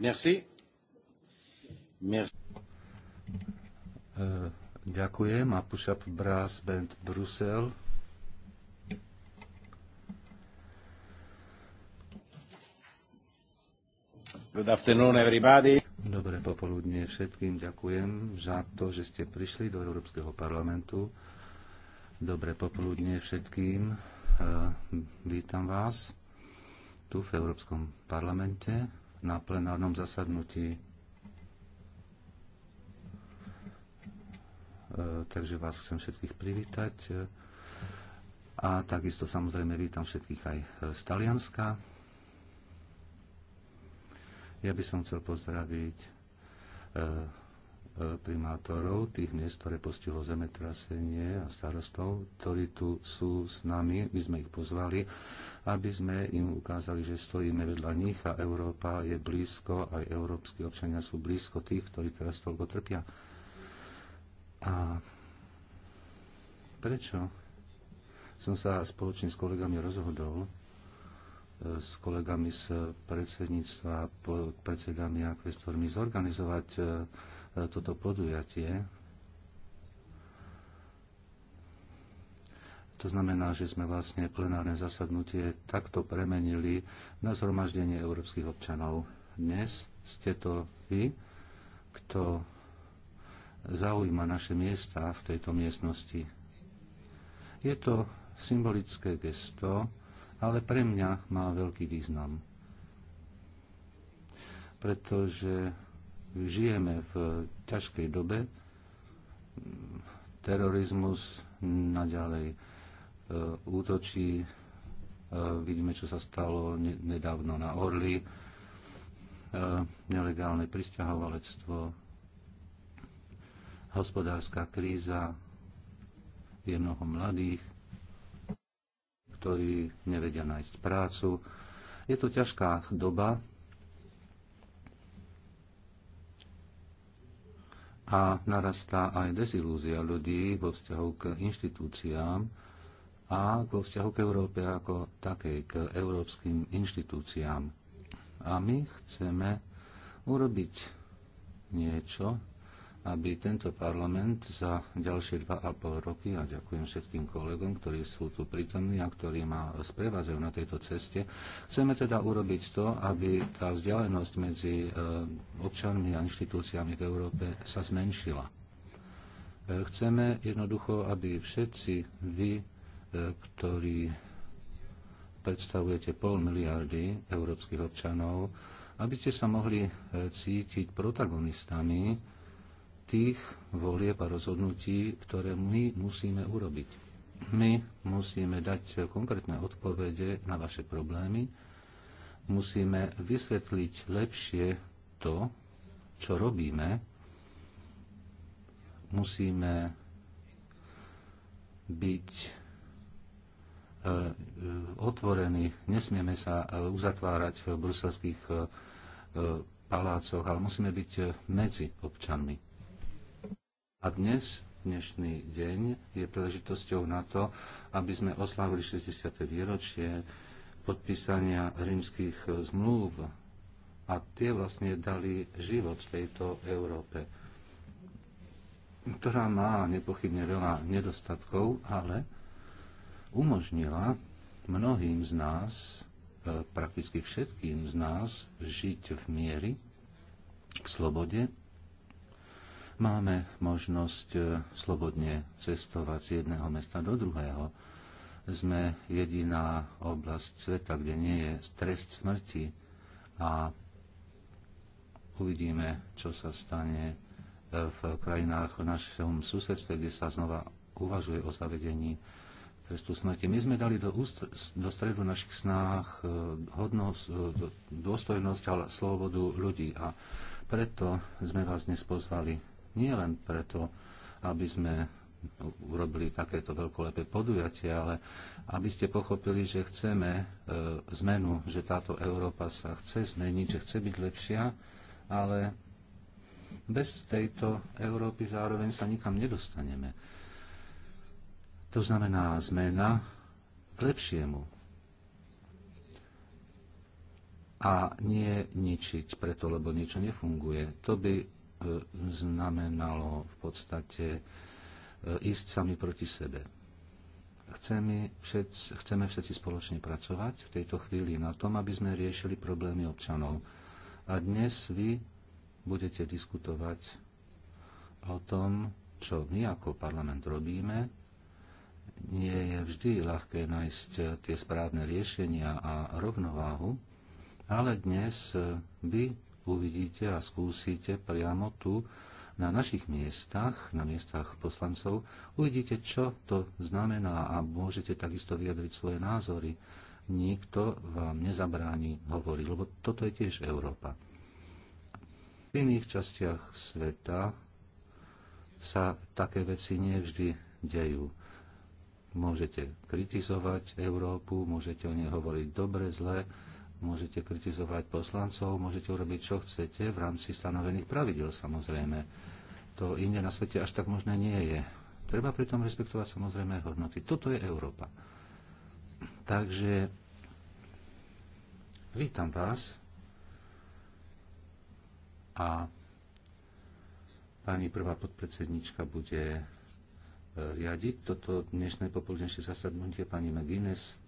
E, ďakujem. A Push-up Brass Band Brusel. Good afternoon, everybody. Dobré popoludne všetkým. Ďakujem za to, že ste prišli do Európskeho parlamentu. Dobré popoludne všetkým. E, vítam vás tu v Európskom parlamente na plenárnom zasadnutí. E, takže vás chcem všetkých privítať. E, a takisto samozrejme vítam všetkých aj e, z Talianska. Ja by som chcel pozdraviť primátorov tých miest, ktoré postihlo zemetrasenie a starostov, ktorí tu sú s nami. My sme ich pozvali aby sme im ukázali, že stojíme vedľa nich a Európa je blízko, aj európsky občania sú blízko tých, ktorí teraz toľko trpia. A prečo som sa spoločne s kolegami rozhodol, e, s kolegami z predsedníctva, predsedami a kvestormi zorganizovať e, e, toto podujatie To znamená, že sme vlastne plenárne zasadnutie takto premenili na zhromaždenie európskych občanov. Dnes ste to vy, kto zaujíma naše miesta v tejto miestnosti. Je to symbolické gesto, ale pre mňa má veľký význam. Pretože žijeme v ťažkej dobe, terorizmus naďalej E, útočí. E, vidíme, čo sa stalo nedávno na Orly. E, nelegálne pristahovalectvo, hospodárska kríza, je mnoho mladých, ktorí nevedia nájsť prácu. Je to ťažká doba, a narastá aj dezilúzia ľudí vo vzťahu k inštitúciám, a vo vzťahu k Európe ako takej, k európskym inštitúciám. A my chceme urobiť niečo, aby tento parlament za ďalšie dva a pol roky, a ďakujem všetkým kolegom, ktorí sú tu prítomní a ktorí ma sprevádzajú na tejto ceste, chceme teda urobiť to, aby tá vzdialenosť medzi e, občanmi a inštitúciami v Európe sa zmenšila. E, chceme jednoducho, aby všetci vy E, ktorý predstavujete pol miliardy európskych občanov, aby ste sa mohli e, cítiť protagonistami tých volieb a rozhodnutí, ktoré my musíme urobiť. My musíme dať konkrétne odpovede na vaše problémy, musíme vysvetliť lepšie to, čo robíme, musíme byť Eh, otvorení, nesmieme sa eh, uzatvárať v bruselských eh, palácoch, ale musíme byť medzi občanmi. A dnes, dnešný deň, je príležitosťou na to, aby sme oslavili 60. výročie podpísania rímskych zmluv a tie vlastne dali život tejto Európe, ktorá má nepochybne veľa nedostatkov, ale umožnila mnohým z nás, e, prakticky všetkým z nás, žiť v miery, v slobode. Máme možnosť e, slobodne cestovať z jedného mesta do druhého. Sme jediná oblasť sveta, kde nie je trest smrti a uvidíme, čo sa stane e, v krajinách v našom susedstve, kde sa znova uvažuje o zavedení trestu smrti. My sme dali do, úst, do stredu našich snách e, hodnosť, e, dôstojnosť a slobodu ľudí. A preto sme vás dnes pozvali. Nie len preto, aby sme urobili takéto veľkolepé podujatie, ale aby ste pochopili, že chceme e, zmenu, že táto Európa sa chce zmeniť, že chce byť lepšia, ale bez tejto Európy zároveň sa nikam nedostaneme. To znamená zmena k lepšiemu. A nie ničiť preto, lebo niečo nefunguje. To by e, znamenalo v podstate e, ísť sami proti sebe. Chceme, všet, chceme všetci spoločne pracovať v tejto chvíli na tom, aby sme riešili problémy občanov. A dnes vy budete diskutovať o tom, čo my ako parlament robíme nie je vždy ľahké nájsť eh, tie správne riešenia a rovnováhu, ale dnes eh, vy uvidíte a skúsite priamo tu na našich miestach, na miestach poslancov, uvidíte, čo to znamená a môžete takisto vyjadriť svoje názory. Nikto vám nezabráni hovoriť, lebo toto je tiež Európa. V iných častiach sveta sa také veci nevždy dejú. Môžete kritizovať Európu, môžete o nej hovoriť dobre, zle, môžete kritizovať poslancov, môžete urobiť, čo chcete v rámci stanovených pravidel samozrejme. To inde na svete až tak možné nie je. Treba pritom respektovať samozrejme hodnoty. Toto je Európa. Takže vítam vás a pani prvá podpredsednička bude riadiť toto dnešné popoludnejšie zasadnutie pani McGuinness,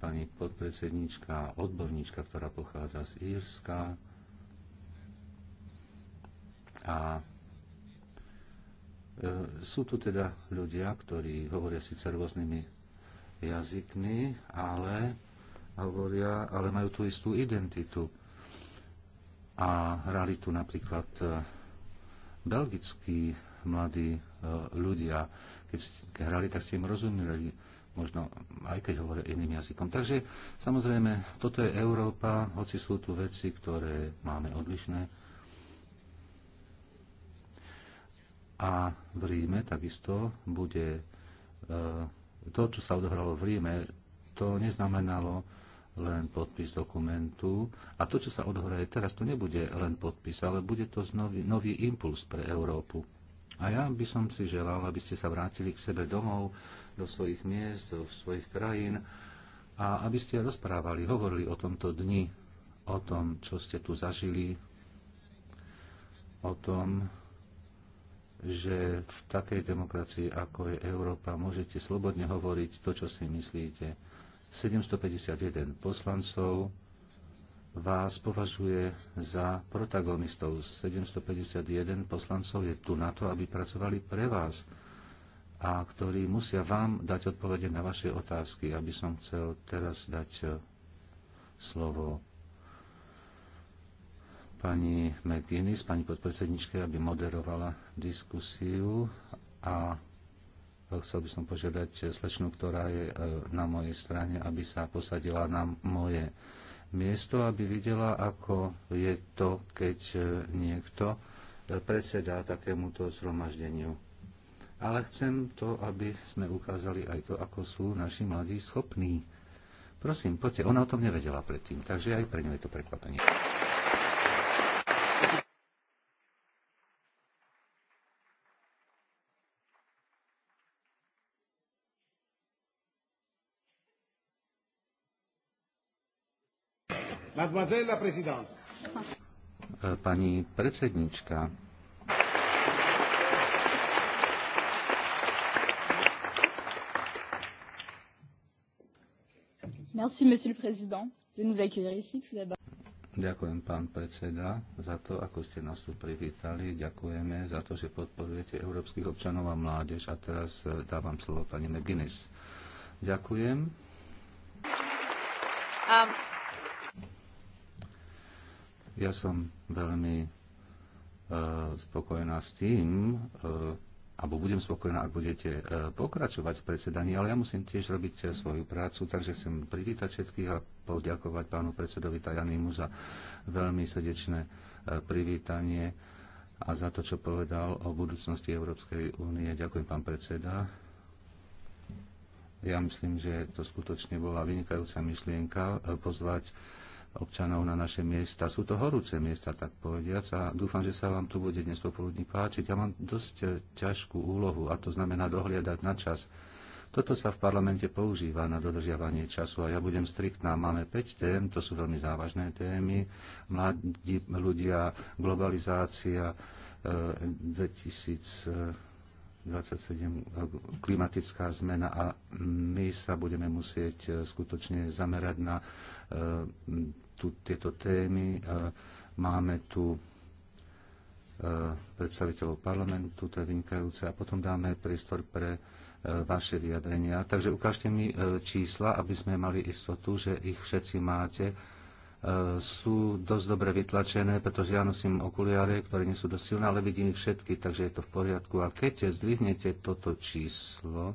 pani podpredsednička, odborníčka, ktorá pochádza z Írska a e, sú tu teda ľudia, ktorí hovoria síce rôznymi jazykmi, ale, hovoria, ale majú tú istú identitu. A hrali tu napríklad e, belgickí mladí E, ľudia. Keď ste hrali, tak ste im rozumeli, možno aj keď hovoria iným jazykom. Takže samozrejme, toto je Európa, hoci sú tu veci, ktoré máme odlišné. A v Ríme takisto bude e, to, čo sa odohralo v Ríme, to neznamenalo, len podpis dokumentu a to, čo sa odohraje teraz, to nebude len podpis, ale bude to nový, nový impuls pre Európu. A ja by som si želal, aby ste sa vrátili k sebe domov, do svojich miest, do svojich krajín a aby ste rozprávali, hovorili o tomto dni, o tom, čo ste tu zažili, o tom, že v takej demokracii, ako je Európa, môžete slobodne hovoriť to, čo si myslíte. 751 poslancov vás považuje za protagonistov. 751 poslancov je tu na to, aby pracovali pre vás a ktorí musia vám dať odpovede na vaše otázky. Aby som chcel teraz dať eh, slovo pani McGuinness, pani podpredsedničke, aby moderovala diskusiu a chcel by som požiadať slečnu, ktorá je eh, na mojej strane, aby sa posadila na moje miesto, aby videla, ako je to, keď e, niekto e, predsedá takémuto zhromaždeniu. Ale chcem to, aby sme ukázali aj to, ako sú naši mladí schopní. Prosím, poďte, ona o tom nevedela predtým, takže aj pre ňu je to prekvapenie. Mademoiselle la présidente. E, pani predsednička. Merci, monsieur le président, de nous accueillir ici tout d'abord. Ďakujem, pán predseda, za to, ako ste nás tu privítali. Ďakujeme za to, že podporujete európskych občanov a mládež. A teraz e, dávam slovo pani McGuinness. Ďakujem. Um. Ja som veľmi e, spokojná s tým, e, alebo budem spokojná, ak budete e, pokračovať v predsedaní, ale ja musím tiež robiť svoju prácu, takže chcem privítať všetkých a poďakovať pánu predsedovi Tajanýmu za veľmi srdečné privítanie a za to, čo povedal o budúcnosti Európskej únie. Ďakujem, pán predseda. Ja myslím, že to skutočne bola vynikajúca myšlienka pozvať občanov na naše miesta. Sú to horúce miesta, tak povediac, a dúfam, že sa vám tu bude dnes popoludní páčiť. Ja mám dosť e, ťažkú úlohu, a to znamená dohliadať na čas. Toto sa v parlamente používa na dodržiavanie času a ja budem striktná. Máme 5 tém, to sú veľmi závažné témy. Mladí ľudia, globalizácia, 2000 e, 27 klimatická zmena a my sa budeme musieť e, skutočne zamerať na e, tu, tieto témy. E, máme tu predstaviteľov parlamentu, to je vynikajúce, a potom dáme priestor pre vaše vyjadrenia. Takže ukážte mi čísla, aby sme mali istotu, že ich všetci máte sú dosť dobre vytlačené, pretože ja nosím okuliare, ktoré nie sú dosť silné, ale vidím ich všetky, takže je to v poriadku. A keď zdvihnete toto číslo,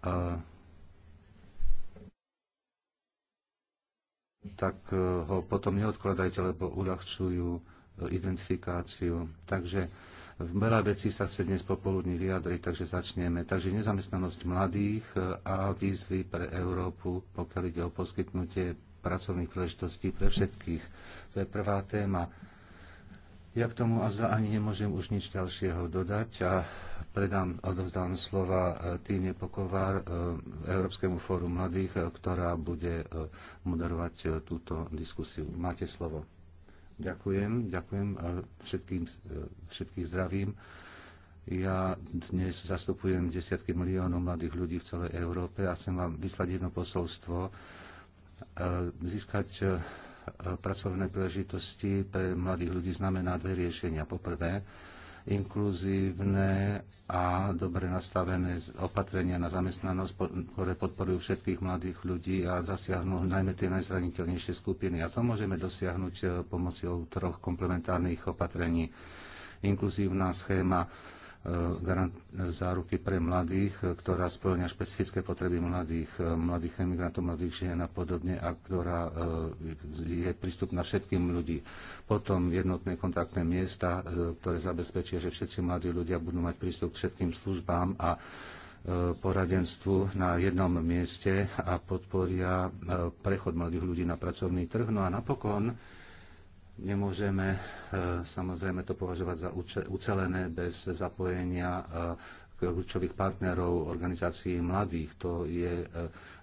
a, tak e, ho potom neodkladajte, lebo uľahčujú e, identifikáciu. Takže v vecí sa chce dnes popoludní vyjadriť, takže začneme. Takže nezamestnanosť mladých e, a výzvy pre Európu, pokiaľ ide o poskytnutie pracovných príležitostí pre všetkých. To je prvá téma. Ja k tomu ani nemôžem už nič ďalšieho dodať a predám, odovzdám slova e, Týne Pokovár, e, Európskemu fóru mladých, ktorá bude moderovať túto diskusiu. Máte slovo. Ďakujem, ďakujem všetkým, e, všetkých zdravím. Ja dnes zastupujem desiatky miliónov mladých ľudí v celej Európe a chcem vám vyslať jedno posolstvo. E, získať e, pracovné príležitosti pre mladých ľudí znamená dve riešenia. Poprvé, inkluzívne a dobre nastavené opatrenia na zamestnanosť, ktoré podporujú všetkých mladých ľudí a zasiahnu najmä tie najzraniteľnejšie skupiny. A to môžeme dosiahnuť eh, pomocou troch komplementárnych opatrení. Inkluzívna schéma Eh, eh, záruky pre mladých, eh, ktorá splňa špecifické potreby mladých, mladých emigrantov, mladých žien a podobne a ktorá je prístupná všetkým ľudí. Potom jednotné kontaktné miesta, ktoré zabezpečia, že všetci mladí ľudia budú mať prístup k všetkým službám a poradenstvu na jednom mieste a podporia prechod mladých ľudí na pracovný trh. No a napokon Nemôžeme e, samozrejme to považovať za ucelené bez zapojenia e, kľúčových partnerov organizácií mladých. To je e,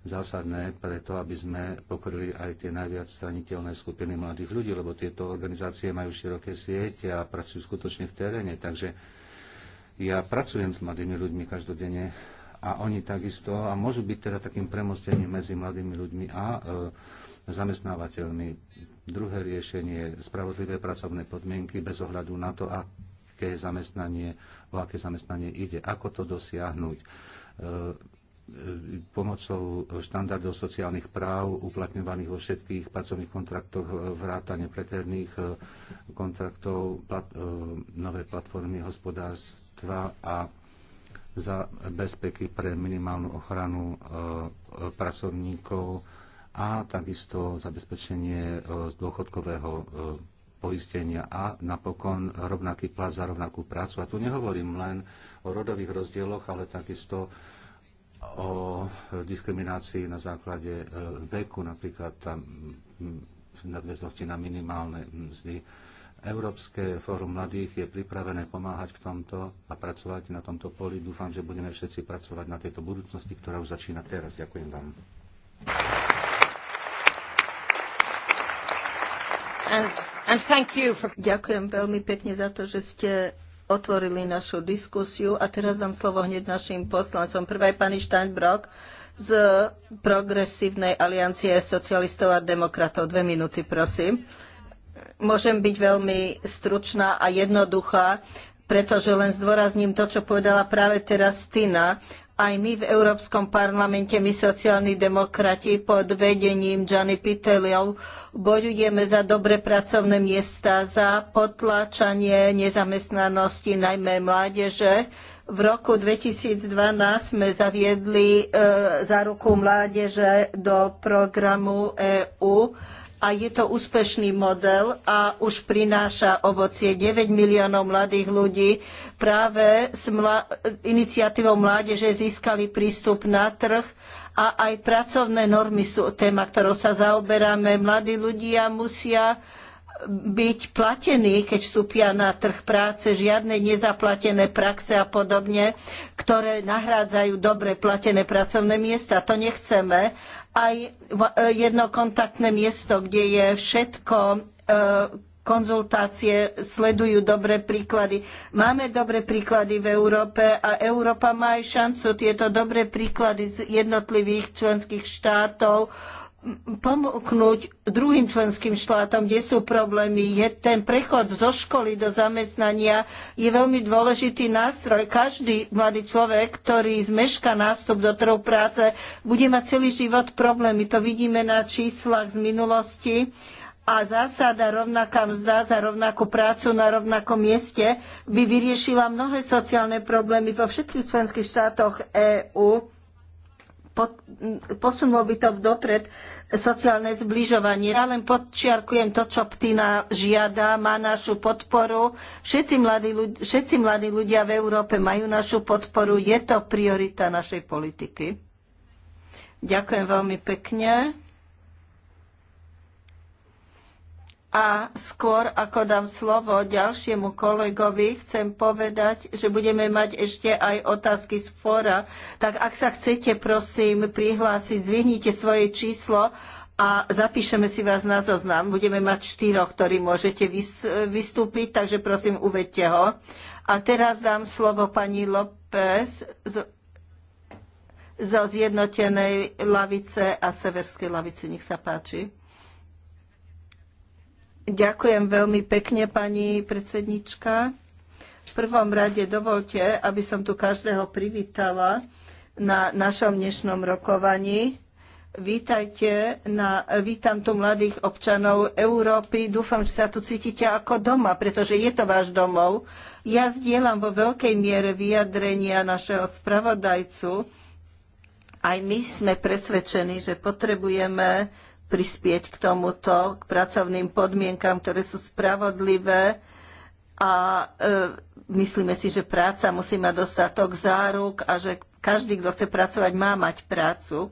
zásadné preto, aby sme pokryli aj tie najviac straniteľné skupiny mladých ľudí, lebo tieto organizácie majú široké siete a pracujú skutočne v teréne. Takže ja pracujem s mladými ľuďmi každodenne a oni takisto a môžu byť teda takým premostením medzi mladými ľuďmi a zamestnávateľmi. Druhé riešenie, spravodlivé pracovné podmienky bez ohľadu na to, aké zamestnanie, o aké zamestnanie ide, ako to dosiahnuť e, e, pomocou štandardov sociálnych práv uplatňovaných vo všetkých pracovných kontraktoch, e, vrátane preterných kontraktov, plat, nové platformy hospodárstva a za bezpeky pre minimálnu ochranu pracovníkov a takisto zabezpečenie e, dôchodkového e, poistenia a napokon rovnaký plat za rovnakú prácu. A tu nehovorím len o rodových rozdieloch, ale takisto o diskriminácii na základe e, veku, napríklad tam mm, v nadväznosti na minimálne mzdy. Európske fórum mladých je pripravené pomáhať v tomto a pracovať na tomto poli. Dúfam, že budeme všetci pracovať na tejto budúcnosti, ktorá už začína teraz. Ďakujem vám. Ďakujem veľmi pekne za to, že ste otvorili našu diskusiu a teraz dám slovo hneď našim poslancom. Prvá je pani Steinbrock z Progresívnej aliancie socialistov a demokratov. Dve minúty, prosím. Môžem byť veľmi stručná a jednoduchá, pretože len zdôrazním to, čo povedala práve teraz Tina aj my v Európskom parlamente, my sociálni demokrati pod vedením Gianni Pitelov bojujeme za dobre pracovné miesta, za potláčanie nezamestnanosti, najmä mládeže. V roku 2012 sme zaviedli e, za ruku mládeže do programu EÚ a je to úspešný model a už prináša ovocie 9 miliónov mladých ľudí. Práve s mla- iniciatívou mládeže získali prístup na trh a aj pracovné normy sú téma, ktorou sa zaoberáme. Mladí ľudia musia byť platení, keď vstúpia na trh práce, žiadne nezaplatené praxe a podobne, ktoré nahrádzajú dobre platené pracovné miesta. To nechceme aj e, jedno kontaktné miesto, kde je všetko, e, konzultácie sledujú dobré príklady. Máme dobré príklady v Európe a Európa má aj šancu tieto dobré príklady z jednotlivých členských štátov pomoknúť druhým členským štátom, kde sú problémy. Je ten prechod zo školy do zamestnania je veľmi dôležitý nástroj. Každý mladý človek, ktorý zmeška nástup do trhu práce, bude mať celý život problémy. To vidíme na číslach z minulosti. A zásada rovnaká mzda za rovnakú prácu na rovnakom mieste by vyriešila mnohé sociálne problémy vo všetkých členských štátoch EÚ posunulo by to vdopred sociálne zbližovanie. Ja len podčiarkujem to, čo Ptina žiada, má našu podporu. Všetci mladí, ľudia, všetci mladí ľudia v Európe majú našu podporu. Je to priorita našej politiky. Ďakujem veľmi pekne. A skôr, ako dám slovo ďalšiemu kolegovi, chcem povedať, že budeme mať ešte aj otázky z fóra. Tak ak sa chcete, prosím, prihlásiť, zvihnite svoje číslo a zapíšeme si vás na zoznam. Budeme mať štyroch, ktorí môžete vystúpiť, takže prosím, uvedte ho. A teraz dám slovo pani López z- zo zjednotenej lavice a severskej lavice. Nech sa páči. Ďakujem veľmi pekne, pani predsednička. V prvom rade dovolte, aby som tu každého privítala na našom dnešnom rokovaní. Vítajte na, vítam tu mladých občanov Európy. Dúfam, že sa tu cítite ako doma, pretože je to váš domov. Ja zdieľam vo veľkej miere vyjadrenia našeho spravodajcu. Aj my sme presvedčení, že potrebujeme prispieť k tomuto, k pracovným podmienkam, ktoré sú spravodlivé a e, myslíme si, že práca musí mať dostatok záruk a že každý, kto chce pracovať, má mať prácu.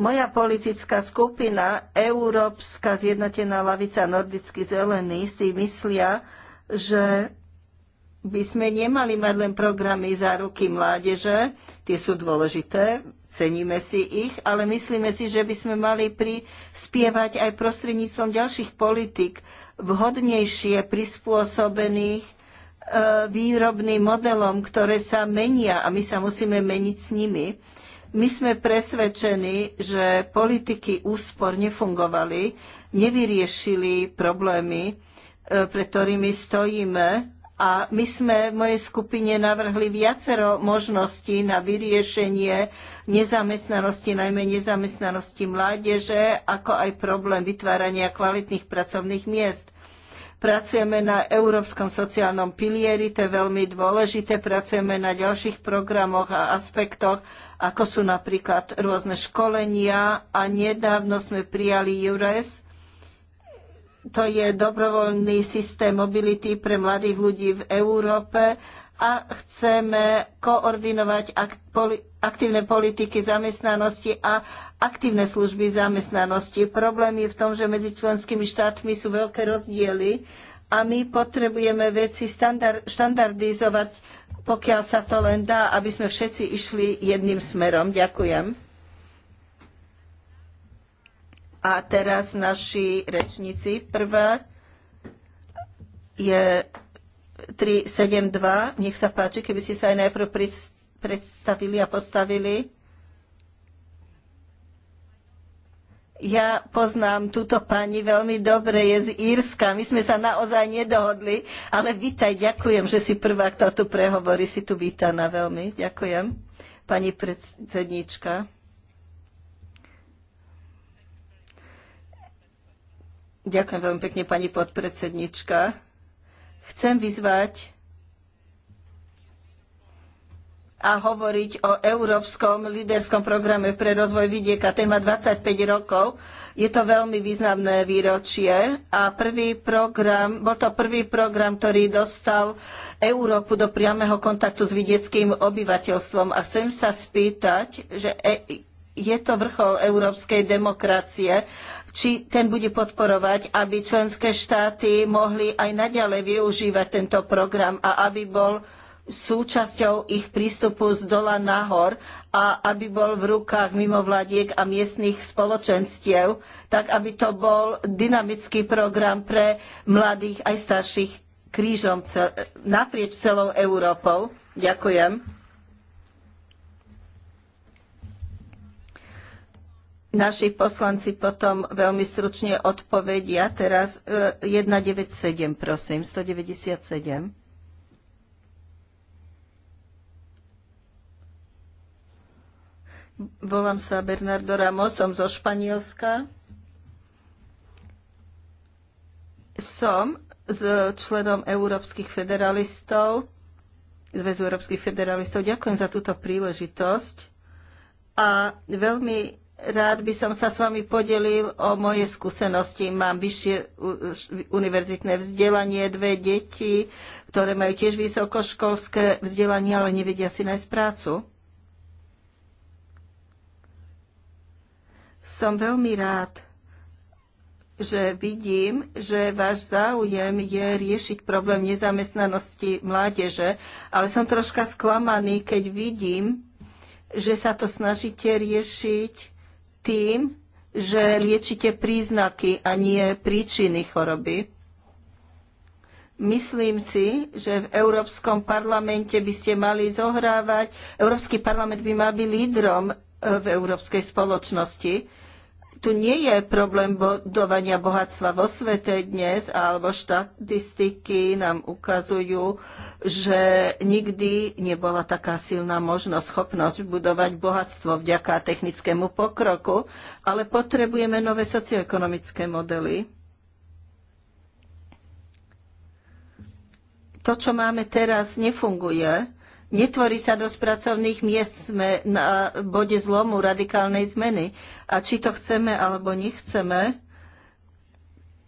Moja politická skupina, Európska zjednotená lavica nordicky zelený, si myslia, že by sme nemali mať len programy záruky mládeže, tie sú dôležité, ceníme si ich, ale myslíme si, že by sme mali prispievať aj prostredníctvom ďalších politik vhodnejšie prispôsobených e, výrobným modelom, ktoré sa menia a my sa musíme meniť s nimi. My sme presvedčení, že politiky úspor nefungovali, nevyriešili problémy, e, pred ktorými stojíme a my sme v mojej skupine navrhli viacero možností na vyriešenie nezamestnanosti, najmä nezamestnanosti mládeže, ako aj problém vytvárania kvalitných pracovných miest. Pracujeme na Európskom sociálnom pilieri, to je veľmi dôležité. Pracujeme na ďalších programoch a aspektoch, ako sú napríklad rôzne školenia a nedávno sme prijali EURES, to je dobrovoľný systém mobility pre mladých ľudí v Európe a chceme koordinovať aktívne politiky zamestnanosti a aktívne služby zamestnanosti. Problém je v tom, že medzi členskými štátmi sú veľké rozdiely a my potrebujeme veci štandardizovať, pokiaľ sa to len dá, aby sme všetci išli jedným smerom. Ďakujem. A teraz naši rečníci. Prvá je 372. Nech sa páči, keby ste sa aj najprv predstavili a postavili. Ja poznám túto pani veľmi dobre, je z Írska. My sme sa naozaj nedohodli, ale vítaj, ďakujem, že si prvá, kto tu prehovorí, si tu vítaná veľmi. Ďakujem, pani predsedníčka. Ďakujem veľmi pekne, pani podpredsednička. Chcem vyzvať a hovoriť o Európskom líderskom programe pre rozvoj vidieka. Ten má 25 rokov. Je to veľmi významné výročie a prvý program, bol to prvý program, ktorý dostal Európu do priameho kontaktu s vidieckým obyvateľstvom. A chcem sa spýtať, že e, je to vrchol európskej demokracie či ten bude podporovať, aby členské štáty mohli aj naďalej využívať tento program a aby bol súčasťou ich prístupu z dola nahor a aby bol v rukách mimovládiek a miestnych spoločenstiev, tak aby to bol dynamický program pre mladých aj starších krížom naprieč celou Európou. Ďakujem. Naši poslanci potom veľmi stručne odpovedia. Teraz 197, e, prosím, 197. Volám sa Bernardo Ramos, som zo Španielska. Som s členom Európskych federalistov, Zväzu Európskych federalistov. Ďakujem za túto príležitosť a veľmi Rád by som sa s vami podelil o moje skúsenosti. Mám vyššie univerzitné vzdelanie, dve deti, ktoré majú tiež vysokoškolské vzdelanie, ale nevedia si nájsť prácu. Som veľmi rád, že vidím, že váš záujem je riešiť problém nezamestnanosti mládeže, ale som troška sklamaný, keď vidím, že sa to snažíte riešiť tým, že liečite príznaky a nie príčiny choroby. Myslím si, že v Európskom parlamente by ste mali zohrávať, Európsky parlament by mal byť lídrom e, v európskej spoločnosti tu nie je problém bodovania bohatstva vo svete dnes, alebo štatistiky nám ukazujú, že nikdy nebola taká silná možnosť, schopnosť budovať bohatstvo vďaka technickému pokroku, ale potrebujeme nové socioekonomické modely. To, čo máme teraz, nefunguje Netvorí sa dosť pracovných miest, sme na bode zlomu radikálnej zmeny. A či to chceme alebo nechceme,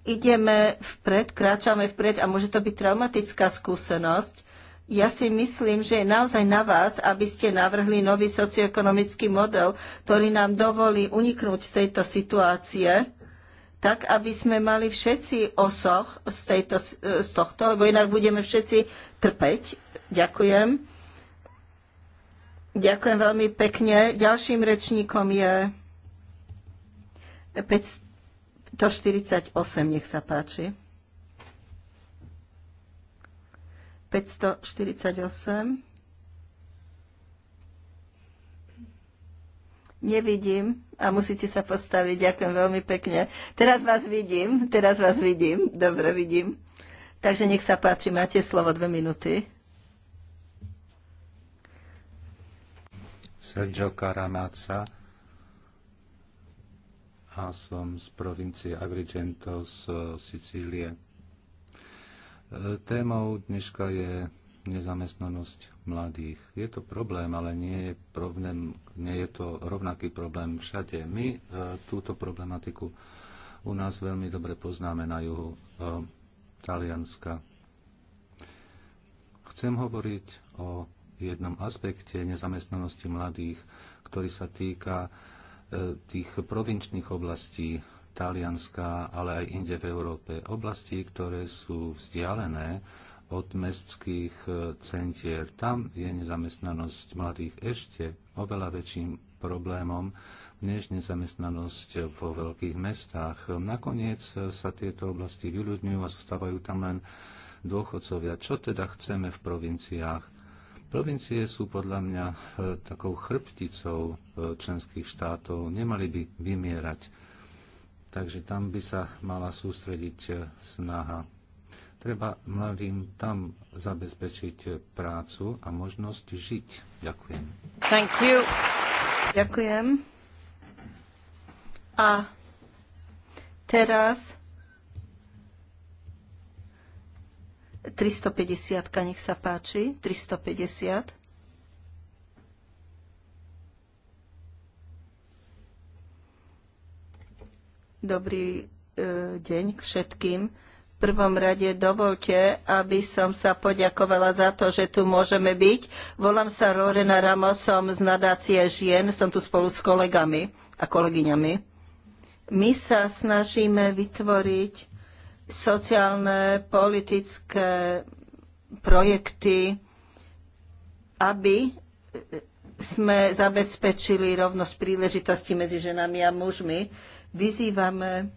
ideme vpred, kráčame vpred a môže to byť traumatická skúsenosť. Ja si myslím, že je naozaj na vás, aby ste navrhli nový socioekonomický model, ktorý nám dovolí uniknúť z tejto situácie, tak aby sme mali všetci osoch z, tejto, z tohto, lebo inak budeme všetci trpeť. Ďakujem. Ďakujem veľmi pekne. Ďalším rečníkom je 548, nech sa páči. 548. Nevidím a musíte sa postaviť. Ďakujem veľmi pekne. Teraz vás vidím, teraz vás vidím. Dobre, vidím. Takže nech sa páči, máte slovo dve minúty. Sergio Caramaca a som z provincie Agrigento z eh, Sicílie. Eh, témou dneška je nezamestnanosť mladých. Je to problém, ale nie je, problém, nie je to rovnaký problém všade. My e, túto problematiku u nás veľmi dobre poznáme na juhu e, Talianska. Chcem hovoriť o jednom aspekte nezamestnanosti mladých, ktorý sa týka e, tých provinčných oblastí Talianska, ale aj inde v Európe. Oblasti, ktoré sú vzdialené od mestských e, centier. Tam je nezamestnanosť mladých ešte oveľa väčším problémom než nezamestnanosť vo veľkých mestách. Nakoniec e, sa tieto oblasti vyľudňujú a zostávajú tam len dôchodcovia. Čo teda chceme v provinciách? Provincie sú podľa mňa e, takou chrbticou e, členských štátov, nemali by vymierať. Takže tam by sa mala sústrediť e, snaha. Treba mladým tam zabezpečiť prácu a možnosť žiť. Ďakujem. Thank you. Ďakujem. A teraz 350, nech sa páči. 350. Dobrý e, deň k všetkým. V prvom rade dovolte, aby som sa poďakovala za to, že tu môžeme byť. Volám sa Lorena Ramosom z nadácie žien. Som tu spolu s kolegami a kolegyňami. My sa snažíme vytvoriť sociálne, politické projekty, aby sme zabezpečili rovnosť príležitosti medzi ženami a mužmi. Vyzývame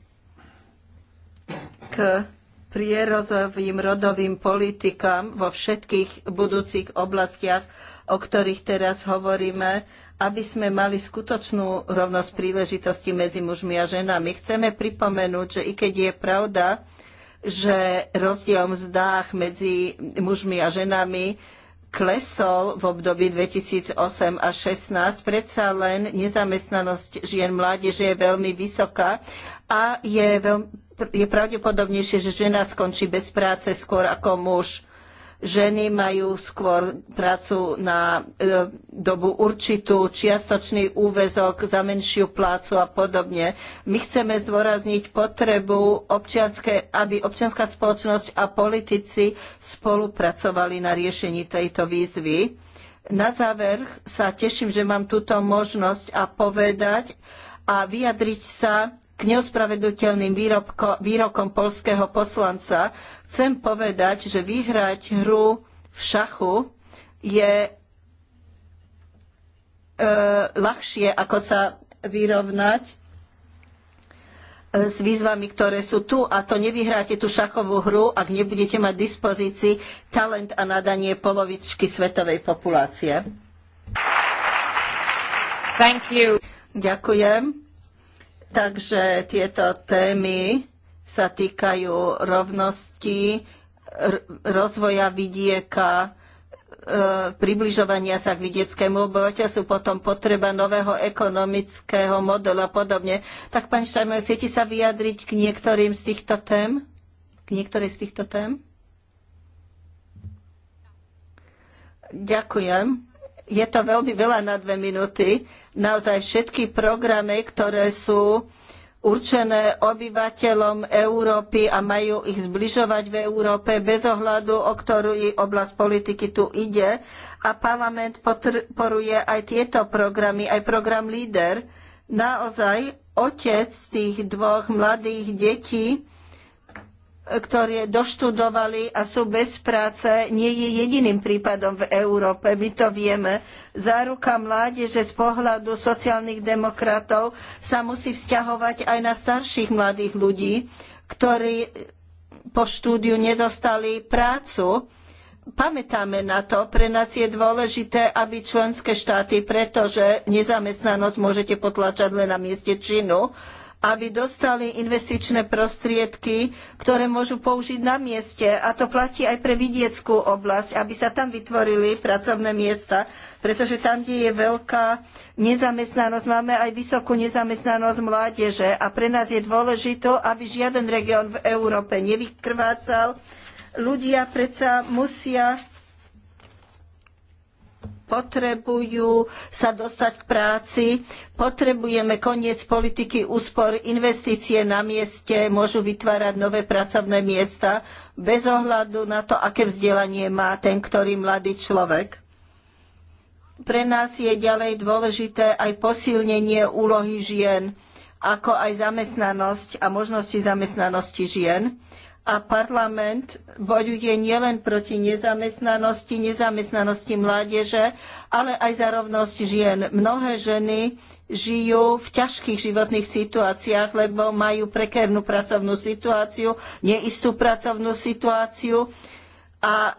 k prierozovým rodovým politikám vo všetkých budúcich oblastiach, o ktorých teraz hovoríme, aby sme mali skutočnú rovnosť príležitosti medzi mužmi a ženami. Chceme pripomenúť, že i keď je pravda, že rozdiel v zdách medzi mužmi a ženami klesol v období 2008 až 2016, predsa len nezamestnanosť žien mládeže je veľmi vysoká a je, veľ, je pravdepodobnejšie, že žena skončí bez práce skôr ako muž ženy majú skôr prácu na e, dobu určitú, čiastočný úväzok za menšiu plácu a podobne. My chceme zdôrazniť potrebu, občianske, aby občianská spoločnosť a politici spolupracovali na riešení tejto výzvy. Na záver sa teším, že mám túto možnosť a povedať a vyjadriť sa k neospravedliteľným výrobko, výrokom polského poslanca, chcem povedať, že vyhrať hru v šachu je e, ľahšie, ako sa vyrovnať e, s výzvami, ktoré sú tu a to nevyhráte tú šachovú hru, ak nebudete mať dispozícii talent a nadanie polovičky svetovej populácie. Ďakujem. Takže tieto témy sa týkajú rovnosti, rozvoja vidieka, e, približovania sa k vidieckému obyvateľstvu, potom potreba nového ekonomického modelu a podobne. Tak, pán Štajmer, chcete sa vyjadriť k niektorým z týchto tém? K niektorej z týchto tém? Ďakujem. Je to veľmi veľa na dve minúty. Naozaj všetky programy, ktoré sú určené obyvateľom Európy a majú ich zbližovať v Európe bez ohľadu, o ktorú jej oblasť politiky tu ide. A parlament podporuje aj tieto programy, aj program LEADER. Naozaj otec tých dvoch mladých detí, ktoré doštudovali a sú bez práce, nie je jediným prípadom v Európe. My to vieme. Záruka mládeže z pohľadu sociálnych demokratov sa musí vzťahovať aj na starších mladých ľudí, ktorí po štúdiu nedostali prácu. Pamätáme na to, pre nás je dôležité, aby členské štáty, pretože nezamestnanosť môžete potlačať len na mieste činu, aby dostali investičné prostriedky, ktoré môžu použiť na mieste. A to platí aj pre vidieckú oblasť, aby sa tam vytvorili pracovné miesta, pretože tam, kde je veľká nezamestnanosť, máme aj vysokú nezamestnanosť mládeže a pre nás je dôležité, aby žiaden región v Európe nevykrvácal. Ľudia predsa musia potrebujú sa dostať k práci, potrebujeme koniec politiky úspor, investície na mieste môžu vytvárať nové pracovné miesta bez ohľadu na to, aké vzdelanie má ten, ktorý mladý človek. Pre nás je ďalej dôležité aj posilnenie úlohy žien, ako aj zamestnanosť a možnosti zamestnanosti žien a parlament bojuje nielen proti nezamestnanosti, nezamestnanosti mládeže, ale aj za rovnosť žien. Mnohé ženy žijú v ťažkých životných situáciách, lebo majú prekernú pracovnú situáciu, neistú pracovnú situáciu a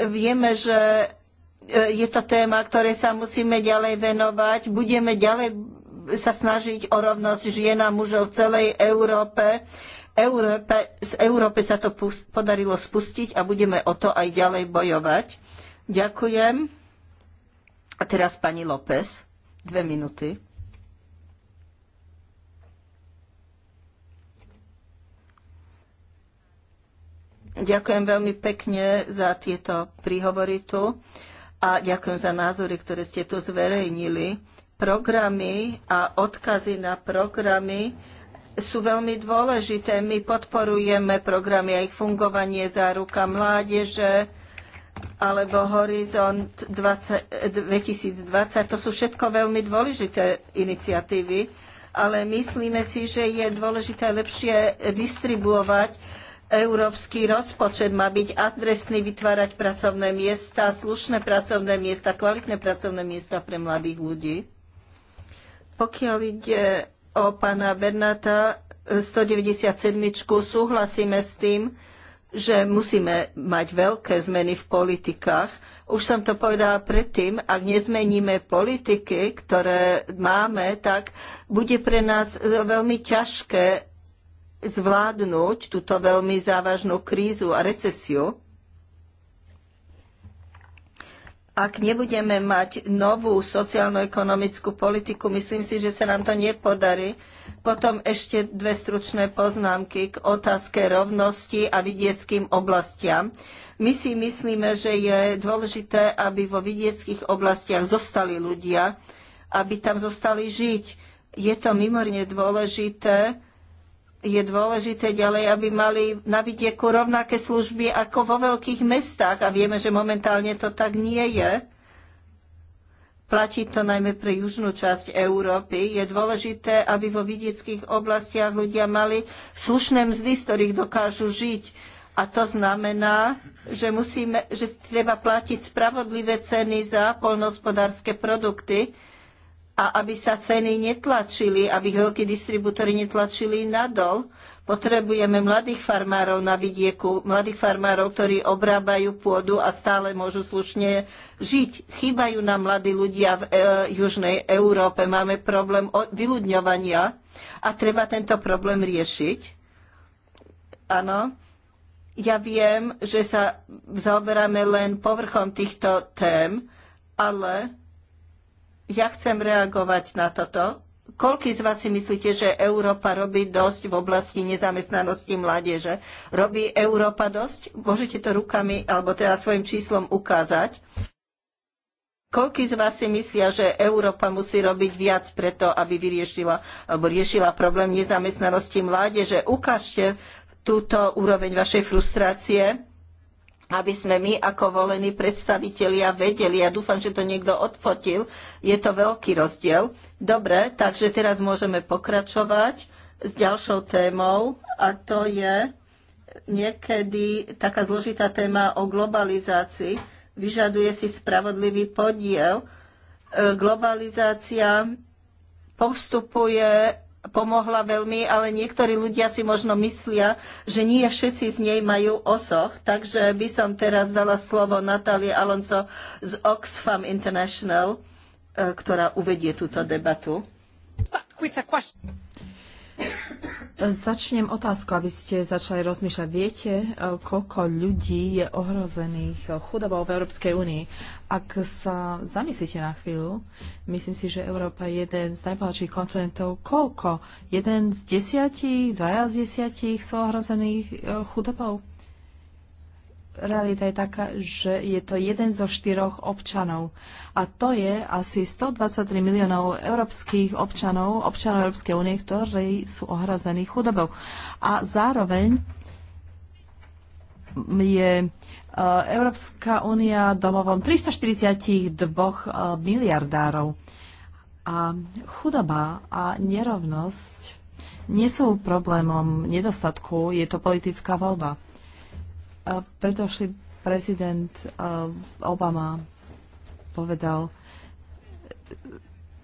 vieme, že e, je to téma, ktoré sa musíme ďalej venovať. Budeme ďalej sa snažiť o rovnosť žien a mužov v celej Európe. Európe z Európe sa to podarilo spustiť a budeme o to aj ďalej bojovať. Ďakujem. A teraz pani López. Dve minúty. Ďakujem veľmi pekne za tieto príhovory tu a ďakujem za názory, ktoré ste tu zverejnili. Programy a odkazy na programy sú veľmi dôležité. My podporujeme programy a ich fungovanie záruka mládeže alebo Horizont 20, 2020. To sú všetko veľmi dôležité iniciatívy, ale myslíme si, že je dôležité lepšie distribuovať európsky rozpočet má byť adresný, vytvárať pracovné miesta, slušné pracovné miesta, kvalitné pracovné miesta pre mladých ľudí. Pokiaľ ide o pána Bernata 197, e, súhlasíme s tým, že musíme mať veľké zmeny v politikách. Už som to povedala predtým, ak nezmeníme politiky, ktoré máme, tak bude pre nás veľmi ťažké zvládnuť túto veľmi závažnú krízu a recesiu. ak nebudeme mať novú sociálno-ekonomickú politiku, myslím si, že sa nám to nepodarí. Potom ešte dve stručné poznámky k otázke rovnosti a vidieckým oblastiam. My si myslíme, že je dôležité, aby vo vidieckých oblastiach zostali ľudia, aby tam zostali žiť. Je to mimorne dôležité, je dôležité ďalej, aby mali na vidieku rovnaké služby ako vo veľkých mestách a vieme, že momentálne to tak nie je. Platí to najmä pre južnú časť Európy. Je dôležité, aby vo vidieckých oblastiach ľudia mali slušné mzdy, z ktorých dokážu žiť. A to znamená, že, musíme, že treba platiť spravodlivé ceny za polnohospodárske produkty, a aby sa ceny netlačili, aby veľkí distribútory netlačili nadol. Potrebujeme mladých farmárov na vidieku, mladých farmárov, ktorí obrábajú pôdu a stále môžu slušne žiť. Chýbajú nám mladí ľudia v e, južnej Európe. Máme problém vyľudňovania a treba tento problém riešiť. Áno. Ja viem, že sa zaoberáme len povrchom týchto tém, ale ja chcem reagovať na toto. Koľký z vás si myslíte, že Európa robí dosť v oblasti nezamestnanosti mládeže? Robí Európa dosť? Môžete to rukami alebo teda svojim číslom ukázať. Koľký z vás si myslia, že Európa musí robiť viac preto, aby vyriešila alebo riešila problém nezamestnanosti mládeže? Ukážte túto úroveň vašej frustrácie aby sme my ako volení predstavitelia vedeli. Ja dúfam, že to niekto odfotil. Je to veľký rozdiel. Dobre, takže teraz môžeme pokračovať s ďalšou témou a to je niekedy taká zložitá téma o globalizácii. Vyžaduje si spravodlivý podiel. E, globalizácia postupuje pomohla veľmi, ale niektorí ľudia si možno myslia, že nie všetci z nej majú osoch. Takže by som teraz dala slovo Natálie Alonso z Oxfam International, e, ktorá uvedie túto debatu. Začnem otázku, aby ste začali rozmýšľať. Viete, eh, koľko ľudí je ohrozených eh, chudobou v Európskej únii? Ak sa zamyslíte na chvíľu, myslím si, že Európa je jeden z najbohatších kontinentov. Koľko? Jeden z desiatich, dvaja z desiatich sú ohrozených eh, chudobou? realita je taká, že je to jeden zo štyroch občanov. A to je asi 123 miliónov európskych občanov, občanov Európskej únie, ktorí sú ohrazení chudobou. A zároveň je e, Európska únia domovom 342 e, miliardárov. A chudoba a nerovnosť nie sú problémom nedostatku, je to politická voľba predošlý prezident Obama povedal,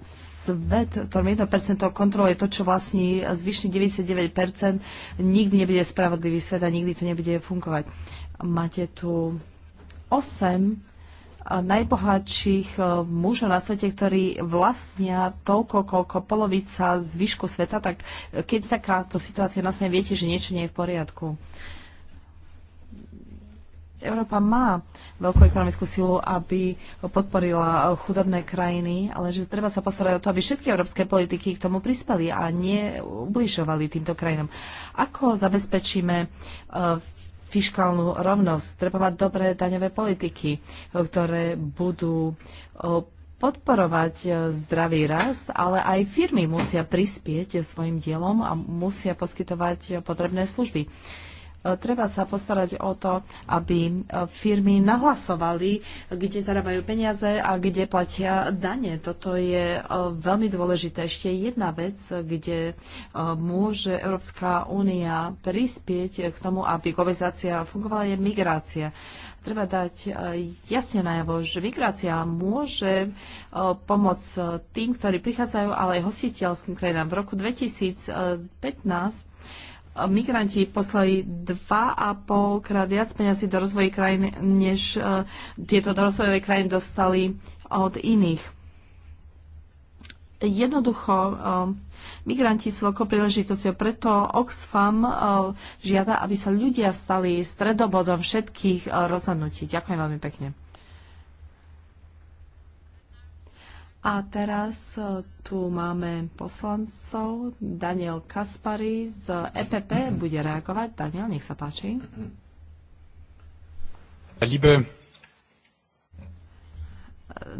svet, ktorým 1% kontroluje to, čo vlastní zvyšný 99%, nikdy nebude spravodlivý svet a nikdy to nebude fungovať. Máte tu 8 najbohatších mužov na svete, ktorí vlastnia toľko, koľko polovica zvyšku sveta, tak keď takáto situácia nastane, viete, že niečo nie je v poriadku. Uh, Európa má veľkú ekonomickú silu, aby podporila chudobné krajiny, ale že treba sa postarať o to, aby všetky európske politiky k tomu prispeli a neubližovali týmto krajinám. Ako zabezpečíme eh, fiskálnu rovnosť? Treba mať dobré daňové politiky, ktoré budú eh, podporovať eh, zdravý rast, ale aj firmy musia prispieť svojim dielom a musia poskytovať potrebné služby treba sa postarať o to, aby e, firmy nahlasovali, kde zarábajú peniaze a kde platia dane. Toto je e, veľmi dôležité. Ešte jedna vec, kde e, môže Európska únia prispieť k tomu, aby globalizácia fungovala, je migrácia treba dať jasne najavo, že migrácia môže pomôcť tým, ktorí prichádzajú, ale aj hostiteľským krajinám. V roku 2015 migranti poslali 2,5 krát viac peniazy do rozvojovej krajín, než e, tieto do rozvojovej krajiny dostali od iných. Jednoducho, e, migranti sú veľkou príležitosť, preto Oxfam e, žiada, aby sa ľudia stali stredobodom všetkých rozhodnutí. Ďakujem veľmi pekne. A teraz e, tu máme poslancov. Daniel Kaspari z EPP bude reagovať. Daniel, nech sa páči. Liebe.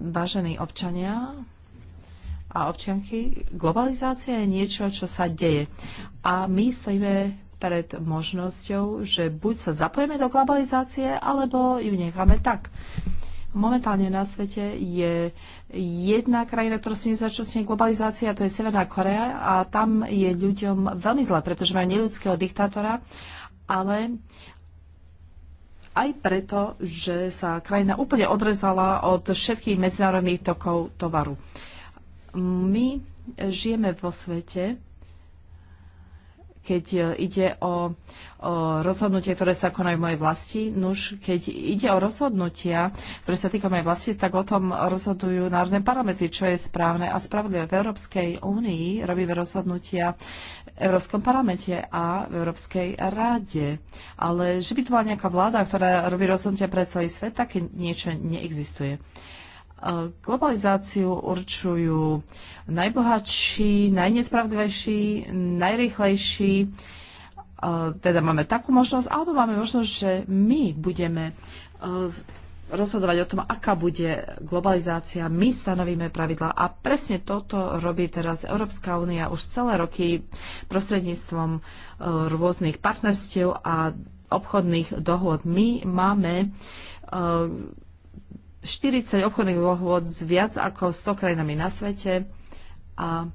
Vážení občania a občianky, globalizácia je niečo, čo sa deje. A my stojíme pred možnosťou, že buď sa zapojeme do globalizácie, alebo ju necháme tak. Momentálne na svete je jedna krajina, ktorá si nezačasne globalizácia, a to je Severná Korea a tam je ľuďom veľmi zle, pretože majú neľudského diktátora, ale aj preto, že sa krajina úplne odrezala od všetkých medzinárodných tokov tovaru. My žijeme vo svete, keď e, ide o, o rozhodnutie, ktoré sa konajú v mojej vlasti. Nuž, keď ide o rozhodnutia, ktoré sa týka mojej vlasti, tak o tom rozhodujú národné parlamenty, čo je správne a spravodlivé. V Európskej únii robíme rozhodnutia v Európskom parlamente a v Európskej rade. Ale že by tu bola nejaká vláda, ktorá robí rozhodnutia pre celý svet, také niečo neexistuje. Globalizáciu určujú najbohatší, najnespravdivejší, najrychlejší. E, teda máme takú možnosť, alebo máme možnosť, že my budeme e, rozhodovať o tom, aká bude globalizácia. My stanovíme pravidla a presne toto robí teraz Európska únia už celé roky prostredníctvom e, rôznych partnerstiev a obchodných dohôd. My máme 40 obchodných dohôd s viac ako 100 krajinami na svete a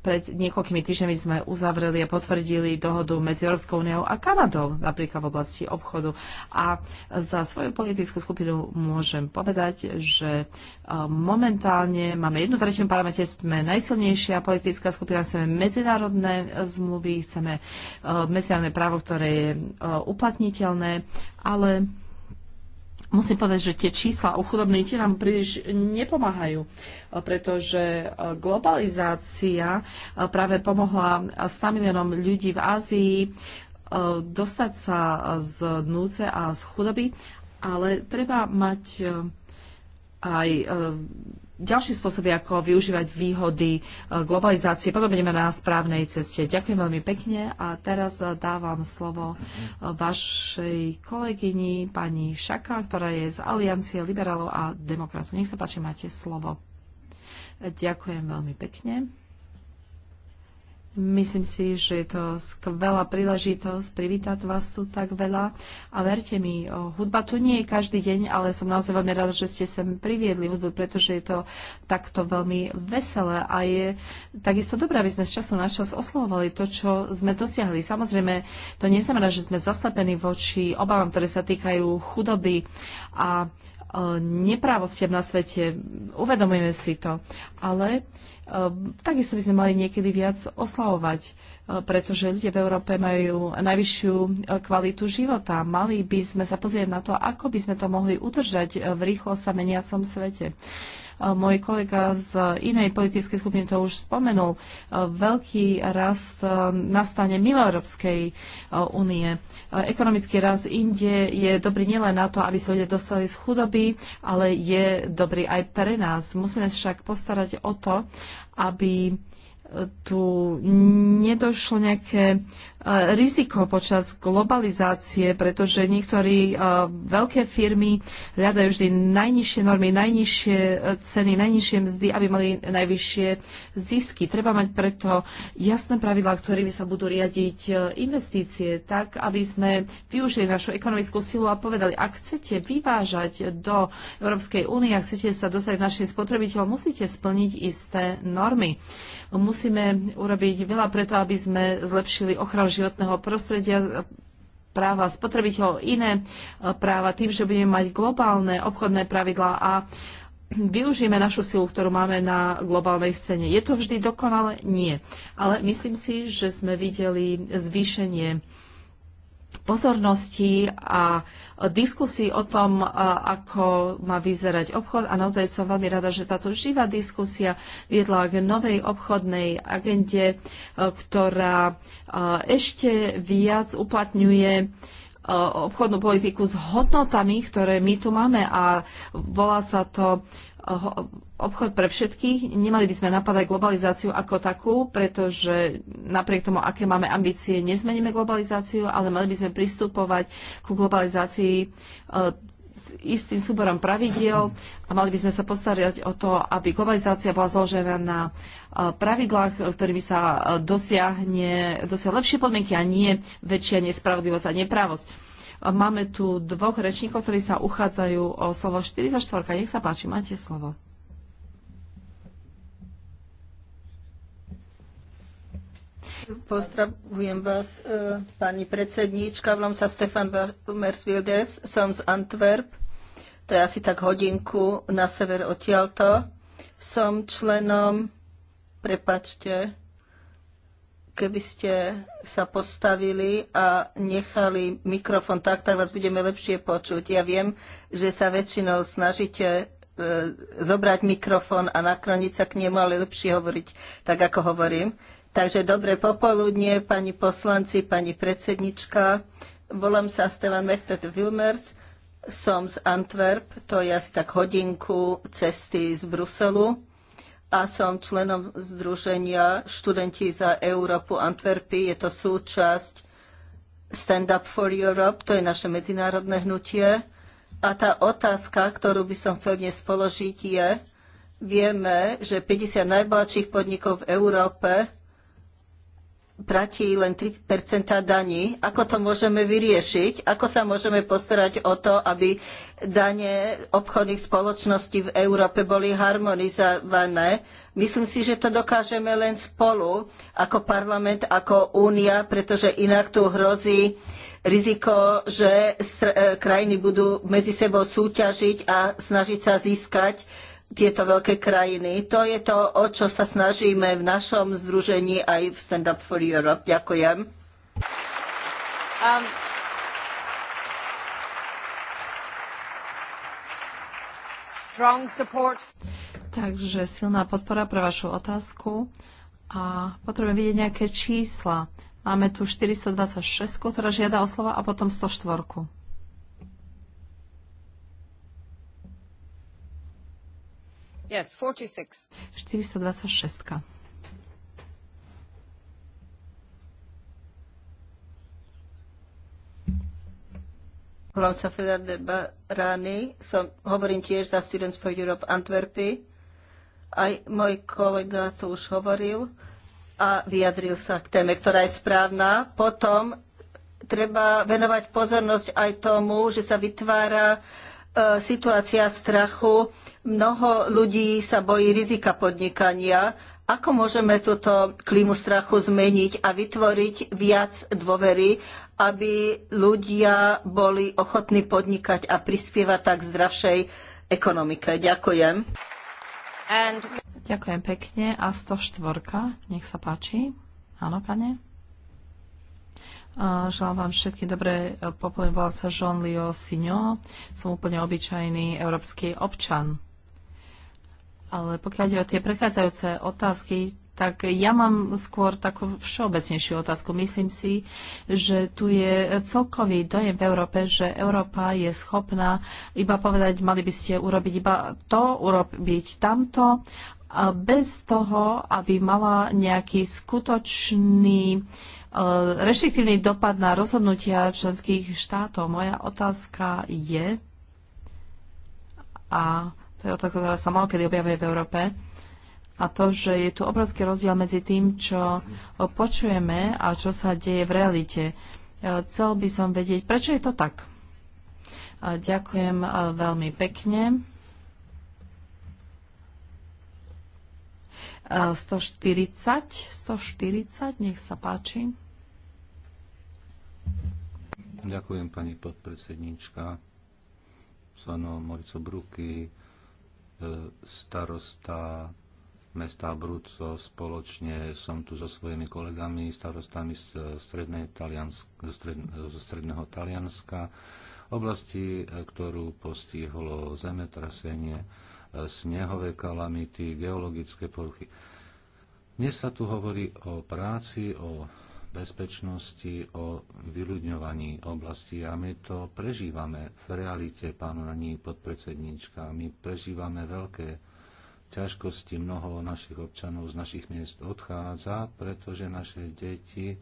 pred niekoľkými týždňami sme uzavreli a potvrdili dohodu medzi Európskou úniou a Kanadou, napríklad v oblasti obchodu. A za svoju politickú skupinu môžem povedať, že e, momentálne máme jednotračným parlamente, sme najsilnejšia politická skupina, chceme medzinárodné e, zmluvy, chceme e, medzinárodné právo, ktoré je uplatniteľné, ale musím povedať, že tie čísla o chudobných nám príliš nepomáhajú, pretože e, globalizácia e, práve pomohla 100 miliónom ľudí v Ázii e, dostať sa z núce a z chudoby, ale treba mať aj Ďalšie spôsoby, ako využívať výhody e, globalizácie. Potom budeme na správnej ceste. Ďakujem veľmi pekne a teraz e, dávam slovo e, vašej kolegyni pani Šaka, ktorá je z Aliancie liberálov a demokratov. Nech sa páči, máte slovo. Ďakujem veľmi pekne. Myslím si, že je to skvelá príležitosť privítať vás tu tak veľa. A verte mi, hudba tu nie je každý deň, ale som naozaj veľmi rada, že ste sem priviedli hudbu, pretože je to takto veľmi veselé a je takisto dobré, aby sme z času na čas oslovovali to, čo sme dosiahli. Samozrejme, to neznamená, že sme zaslepení voči obávam, ktoré sa týkajú chudoby a neprávostiam na svete. Uvedomujeme si to. Ale Ehm, takisto by sme mali niekedy viac oslavovať, ehm, pretože ľudia v Európe majú najvyššiu e, kvalitu života. Mali by sme sa pozrieť na to, ako by sme to mohli udržať e, v rýchlo sa meniacom svete. Môj kolega z inej politickej skupiny to už spomenul. Veľký rast e, nastane mimo Európskej e, únie. E, ekonomický rast inde je dobrý nielen na to, aby sa ľudia dostali z chudoby, ale je dobrý aj pre nás. Musíme však postarať o to, aby tu nedošlo nejaké riziko počas globalizácie, pretože niektorí e, veľké firmy hľadajú vždy najnižšie normy, najnižšie e, ceny, najnižšie mzdy, aby mali najvyššie zisky. Treba mať preto jasné pravidlá, ktorými sa budú riadiť e, investície, tak aby sme využili našu ekonomickú silu a povedali, ak chcete vyvážať do Európskej únie, ak chcete sa dostať k našim spotrebiteľom, musíte splniť isté normy. Musíme urobiť veľa preto, aby sme zlepšili ochranu životného prostredia, práva spotrebiteľov, iné e, práva tým, že budeme mať globálne obchodné pravidlá a využijeme našu silu, ktorú máme na globálnej scéne. Je to vždy dokonale? Nie. Ale myslím si, že sme videli zvýšenie pozornosti a diskusí o tom, ako má vyzerať obchod. A naozaj som veľmi rada, že táto živá diskusia viedla k novej obchodnej agende, e, ktorá e, ešte viac uplatňuje e, obchodnú politiku s hodnotami, ktoré my tu máme a volá sa to obchod pre všetkých. Nemali by sme napadať globalizáciu ako takú, pretože napriek tomu, aké máme ambície, nezmeníme globalizáciu, ale mali by sme pristupovať ku globalizácii e, s istým súborom pravidiel a mali by sme sa postarať o to, aby globalizácia bola zložená na e, pravidlách, ktorými sa e, dosiahne, dosiahne lepšie podmienky a nie väčšia nespravodlivosť a neprávosť. Máme tu dvoch rečníkov, ktorí sa uchádzajú o slovo 44. Nech sa páči, máte slovo. Pozdravujem vás, e, pani predsedníčka. Volám sa Stefan Mersvildes, som z Antwerp. To je asi tak hodinku na sever odtiaľto. Som členom, prepačte, keby ste sa postavili a nechali mikrofon tak, tak vás budeme lepšie počuť. Ja viem, že sa väčšinou snažíte e, zobrať mikrofón a nakloniť sa k nemu, ale lepšie hovoriť tak, ako hovorím. Takže dobre popoludnie, pani poslanci, pani predsednička. Volám sa Stevan Mechtet Wilmers, som z Antwerp, to je asi tak hodinku cesty z Bruselu a som členom Združenia študenti za Európu Antwerpy. Je to súčasť Stand Up for Europe, to je naše medzinárodné hnutie. A tá otázka, ktorú by som chcel dnes položiť, je, vieme, že 50 najbohatších podnikov v Európe platí len 3 daní. Ako to môžeme vyriešiť? Ako sa môžeme postarať o to, aby dane obchodných spoločností v Európe boli harmonizované? Myslím si, že to dokážeme len spolu, ako parlament, ako únia, pretože inak tu hrozí riziko, že e, krajiny budú medzi sebou súťažiť a snažiť sa získať tieto veľké krajiny. To je to, o čo sa snažíme v našom združení aj v Stand Up for Europe. Ďakujem. Um, strong support. Takže silná podpora pre vašu otázku a potrebujem vidieť nejaké čísla. Máme tu 426, ktorá žiada o slova a potom 104. Yes, 426. Volám sa Fernande Barány, som, hovorím tiež za Students for Europe Antwerpy. Aj môj kolega to už hovoril a vyjadril sa k téme, ktorá je správna. Potom treba venovať pozornosť aj tomu, že sa vytvára uh, E, situácia strachu. Mnoho ľudí sa bojí rizika podnikania. Ako môžeme túto klímu strachu zmeniť a vytvoriť viac dôvery, aby ľudia boli ochotní podnikať a prispievať tak zdravšej ekonomike? Ďakujem. And... Ďakujem pekne. A 104, nech sa páči. Áno, pane? Želám vám všetky dobré e, popoludne. Volám sa Jean Lio Signo. Som úplne obyčajný európsky občan. Ale pokiaľ ide o tie prechádzajúce otázky, tak ja mám skôr takú všeobecnejšiu otázku. Myslím si, že tu je celkový dojem v Európe, že Európa je schopná iba povedať, mali by ste urobiť iba to, urobiť tamto, bez toho, aby mala nejaký skutočný uh, Eh, reštriktívny dopad na rozhodnutia členských štátov. Moja otázka je, a to je otázka, ktorá sa kedy objavuje v Európe, a to, že je tu obrovský rozdiel medzi tým, čo počujeme a čo sa deje v realite. Eh, chcel by som vedieť, prečo je to tak. Eh, ďakujem veľmi pekne. 140, 140, nech sa páči. Ďakujem, pani podpredsednička. Sono Morico Bruky, e, starosta mesta Brúco Spoločne som tu so svojimi kolegami, starostami z, e, strednej z e, stredného Talianska, oblasti, ktorú postihlo zemetrasenie snehové kalamity, geologické poruchy. Dnes sa tu hovorí o práci, o bezpečnosti, o vyľudňovaní oblasti a my to prežívame v realite, pán Raní podpredsedníčka. My prežívame veľké ťažkosti. Mnoho našich občanov z našich miest odchádza, pretože naše deti e,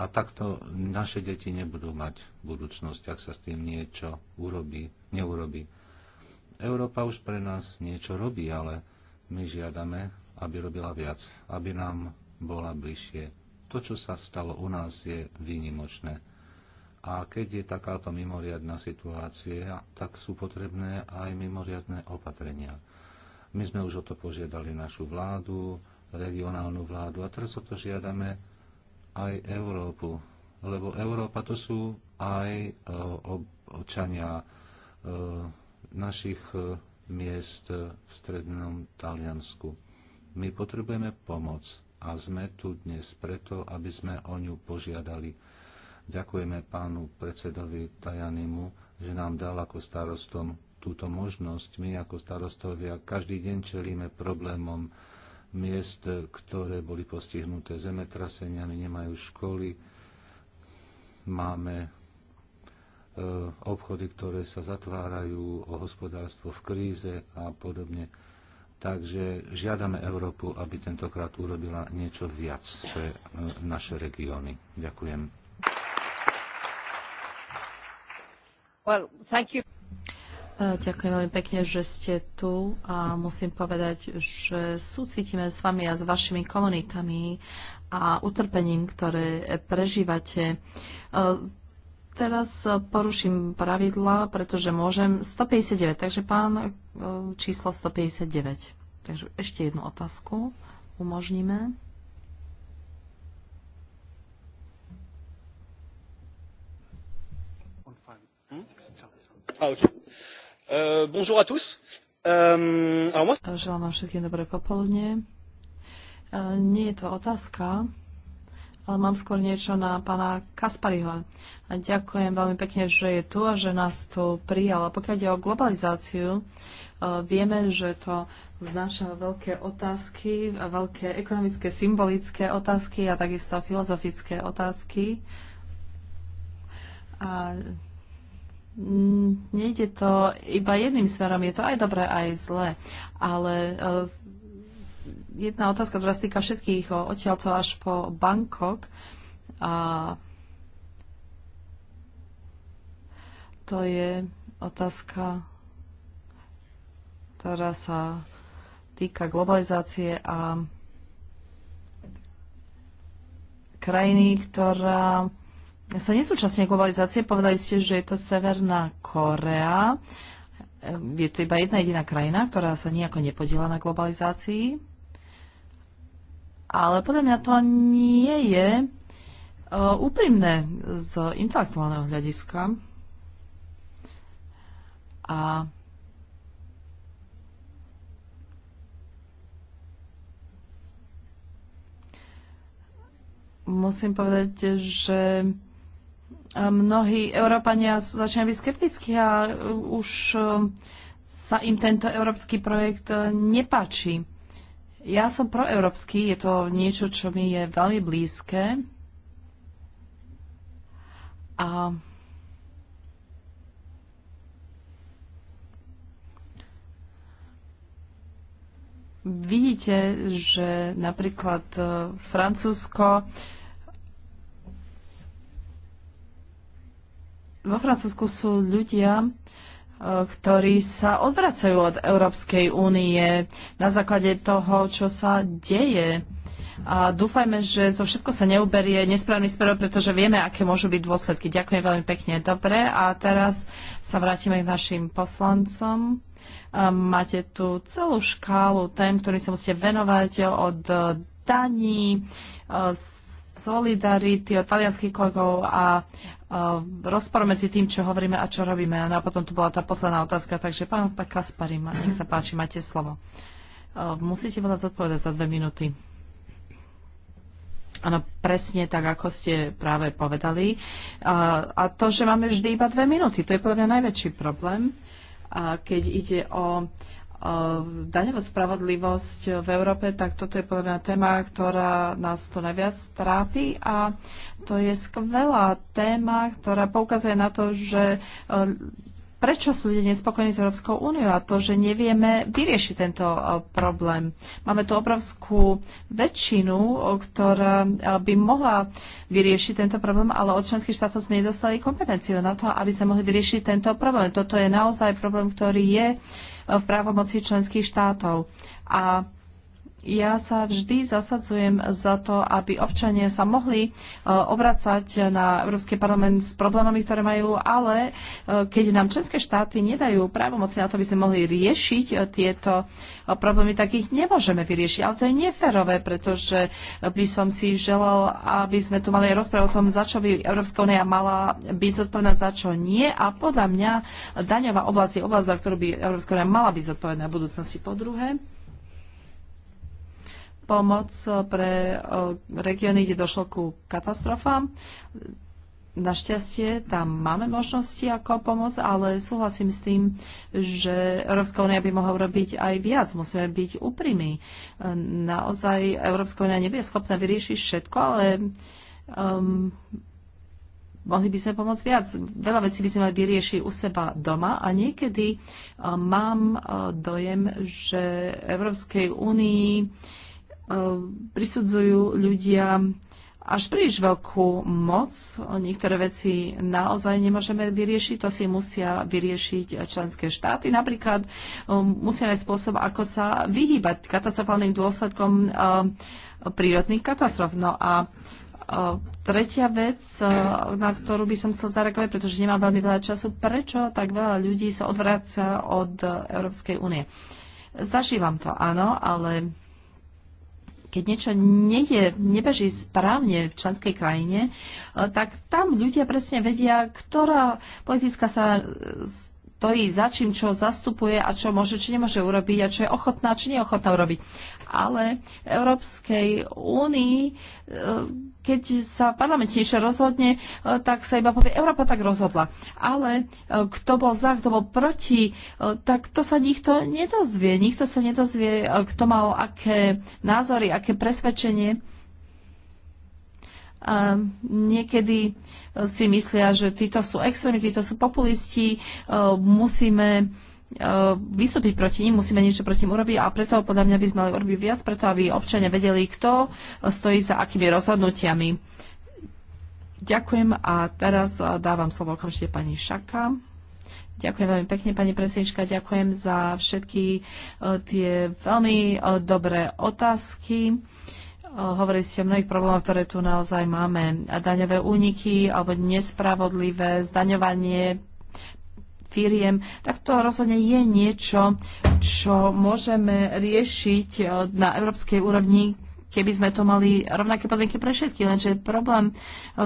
a takto naše deti nebudú mať budúcnosť, ak sa s tým niečo urobí, neurobí. Európa už pre nás niečo robí, ale my žiadame, aby robila viac, aby nám bola bližšie. To, čo sa stalo u nás, je výnimočné. A keď je takáto mimoriadná situácia, tak sú potrebné aj mimoriadné opatrenia. My sme už o to požiadali našu vládu, regionálnu vládu a teraz o to žiadame aj Európu. Lebo Európa to sú aj eh, občania eh, našich e, miest e, v strednom Taliansku. My potrebujeme pomoc a sme tu dnes preto, aby sme o ňu požiadali. Ďakujeme pánu predsedovi Tajanimu, že nám dal ako starostom túto možnosť. My ako starostovia každý deň čelíme problémom miest, ktoré boli postihnuté zemetraseniami, nemajú školy, máme E, obchody, ktoré sa zatvárajú, o hospodárstvo v kríze a podobne. Takže žiadame Európu, aby tentokrát urobila niečo viac pre e, naše regióny. Ďakujem. Well, thank you. E, ďakujem veľmi pekne, že ste tu a musím povedať, že súcitíme s vami a s vašimi komunitami a utrpením, ktoré prežívate teraz e, poruším pravidla, pretože môžem 159, takže pán e, číslo 159. Takže ešte jednu otázku umožníme. Ah, euh, bonjour à tous. Euh, Želám vám všetkým dobré popoludne. E, nie je to otázka, ale mám skôr niečo na pána Kaspariho. A ďakujem veľmi pekne, že je tu a že nás tu prijal. A pokiaľ ide o globalizáciu, e, vieme, že to znáša veľké otázky, a veľké ekonomické, symbolické otázky a takisto filozofické otázky. A nejde to iba jedným smerom, je to aj dobré, aj zlé. Ale e, jedna otázka, ktorá sa týka všetkých, odtiaľto až po Bangkok. A to je otázka, ktorá sa týka globalizácie a krajiny, ktorá sa nesúčasne globalizácie. Povedali ste, že je to Severná Korea. Je to iba jedna jediná krajina, ktorá sa nejako nepodiela na globalizácii. Ale podľa mňa to nie je e, úprimné z intelektuálneho hľadiska. A musím povedať, že e, mnohí Európania začínajú byť skeptickí a e, už sa im tento európsky projekt nepáči. Ja som proeurópsky, je to niečo, čo mi je veľmi blízke. A vidíte, že napríklad e, Francúzsko vo Francúzsku sú ľudia, ktorí sa odvracajú od Európskej únie na základe toho, čo sa deje. A dúfajme, že to všetko sa neuberie nesprávny smerom, pretože vieme, aké môžu byť dôsledky. Ďakujem veľmi pekne. Dobre, a teraz sa vrátime k našim poslancom. Máte tu celú škálu tém, ktorým sa musíte venovať od daní, solidarity od talianských kolegov a rozpor medzi tým, čo hovoríme a čo robíme. No a potom tu bola tá posledná otázka, takže pán Kaspari, nech sa páči, máte slovo. E, musíte veľa zodpovedať za dve minúty. Áno, presne tak, ako ste práve povedali. A, e, a to, že máme vždy iba dve minúty, to je podľa mňa najväčší problém. A keď ide o Eh, daňovú spravodlivosť v Európe, tak toto je podľa mňa téma, ktorá nás to najviac trápi a to je skvelá téma, ktorá poukazuje na to, že eh, prečo sú ľudia nespokojní s Európskou úniou a to, že nevieme vyriešiť tento eh, problém. Máme tu obrovskú väčšinu, ktorá by mohla vyriešiť tento problém, ale od členských štátov sme nedostali kompetenciu na to, aby sa mohli vyriešiť tento problém. Toto je naozaj problém, ktorý je v právomoci členských štátov. A ja sa vždy zasadzujem za to, aby občania sa mohli e, obracať na Európsky parlament s problémami, ktoré majú, ale e, keď nám členské štáty nedajú právomoci na to, aby sme mohli riešiť e, tieto problémy, tak ich nemôžeme vyriešiť. Ale to je neférové, pretože by som si želal, aby sme tu mali rozprávu o tom, za čo by Európska únia mala byť zodpovedná, za čo nie. A podľa mňa daňová oblasť je oblasť, za ktorú by Európska únia mala byť zodpovedná v budúcnosti. Po druhé, pomoc pre regióny, kde došlo ku katastrofám. Našťastie tam máme možnosti ako pomoc, ale súhlasím s tým, že Európska únia by mohla robiť aj viac. Musíme byť úprimní. Naozaj Európska únia nebude schopná vyriešiť všetko, ale um, mohli by sme pomôcť viac. Veľa vecí by sme mali vyriešiť u seba doma a niekedy um, mám uh, dojem, že Európskej únii Eh, prisudzujú ľudia až príliš veľkú moc. Niektoré veci naozaj nemôžeme vyriešiť, to si musia vyriešiť členské štáty. Napríklad eh, musia nájsť spôsob, ako sa vyhýbať katastrofálnym dôsledkom eh, prírodných katastrof. No a tretia vec, na ktorú by som chcel zareagovať, pretože nemám veľmi veľa času, prečo tak veľa ľudí sa odvráca od Európskej únie. Zažívam to, áno, ale keď niečo nejde, nebeží správne v členskej krajine, e, tak tam ľudia presne vedia, ktorá politická strana stojí za čím, čo zastupuje a čo môže, či nemôže urobiť a čo je ochotná, či neochotná urobiť. Ale v Európskej únii e, keď sa parlament niečo rozhodne, e, tak sa iba povie, Európa tak rozhodla. Ale e, kto bol za, kto bol proti, e, tak to sa nikto nedozvie. Nikto sa nedozvie, kto mal aké názory, aké presvedčenie. A niekedy si myslia, že títo sú extrémy, títo sú populisti, musíme E, vystúpiť proti ním, musíme niečo proti ním urobiť a preto podľa mňa by sme mali urobiť viac, preto aby občania vedeli, kto stojí za akými rozhodnutiami. Ďakujem a teraz e, dávam slovo okamžite pani Šaka. Ďakujem veľmi pekne, pani predsednička, ďakujem za všetky e, tie veľmi dobré otázky. Hovorili ste o mnohých problémoch, ktoré tu naozaj máme. Daňové úniky alebo nespravodlivé zdaňovanie firiem, tak to rozhodne je niečo, čo môžeme riešiť eh, na európskej úrovni, keby sme to mali rovnaké podmienky pre všetky. Lenže problém, eh,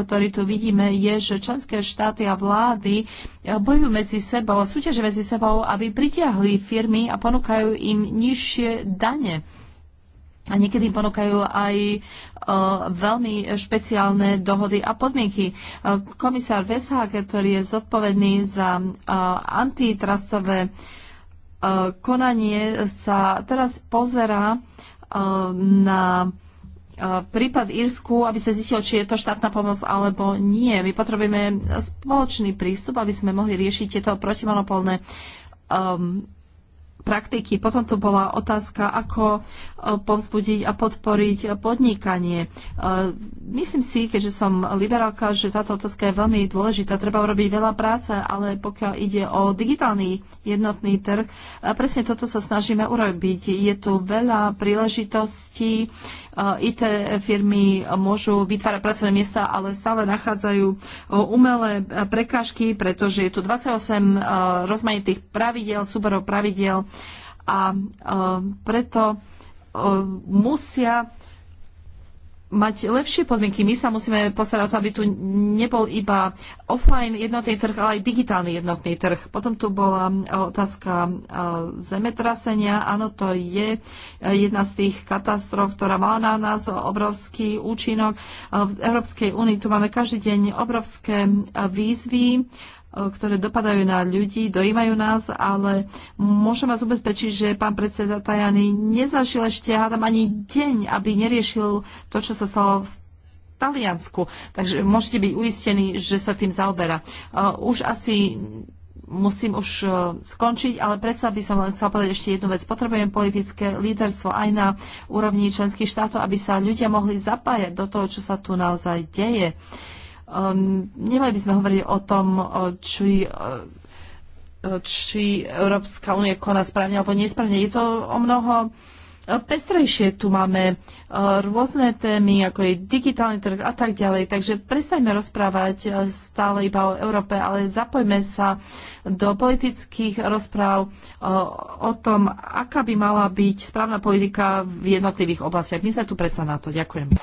ktorý tu vidíme, je, že členské štáty a vlády eh, bojujú medzi sebou, súťaže medzi sebou, aby pritiahli firmy a ponúkajú im nižšie dane. A niekedy ponúkajú aj e, veľmi špeciálne dohody a podmienky. E, komisár Veshage, ktorý je zodpovedný za e, antitrustové konanie, sa teraz pozera na prípad Írsku, aby sa zistilo, či je to štátna pomoc alebo nie. My potrebujeme spoločný prístup, aby sme mohli riešiť tieto protimonopolné um, praktiky. Potom tu bola otázka, ako e, povzbudiť a podporiť podnikanie. E, myslím si, keďže som liberálka, že táto otázka je veľmi dôležitá. Treba urobiť veľa práce, ale pokiaľ ide o digitálny jednotný trh, e, presne toto sa snažíme urobiť. Je tu veľa príležitostí. IT firmy môžu vytvárať pracovné miesta, ale stále nachádzajú umelé prekážky, pretože je tu 28 rozmanitých pravidel, súborov pravidel a e, preto e, musia mať lepšie podmienky. My sa musíme postarať o to, aby tu nebol iba offline jednotný trh, ale aj digitálny jednotný trh. Potom tu bola e, otázka zemetrasenia. Áno, to je jedna z tých katastrof, ktorá mala na nás obrovský účinok. V Európskej únii tu máme každý deň obrovské výzvy ktoré dopadajú na ľudí, dojímajú nás, ale môžem vás ubezpečiť, že pán predseda Tajany nezažil ešte hádam ani deň, aby neriešil to, čo sa stalo v Taliansku. Takže môžete byť uistení, že sa tým zaoberá. Už asi musím už e, skončiť, ale predsa by som len chcela povedať ešte jednu vec. Potrebujem politické líderstvo aj na úrovni členských štátov, aby sa ľudia mohli zapájať do toho, čo sa tu naozaj deje. Uh, Um, nemali by sme hovoriť o tom, či či Európska únia koná správne alebo nesprávne. Je to o mnoho pestrejšie. Tu máme uh, rôzne témy, ako je digitálny trh a tak ďalej. Takže prestajme rozprávať uh, stále iba o Európe, ale zapojme sa do politických rozpráv uh, o tom, aká by mala byť správna politika v jednotlivých oblastiach. My sme tu predsa na to. Ďakujem.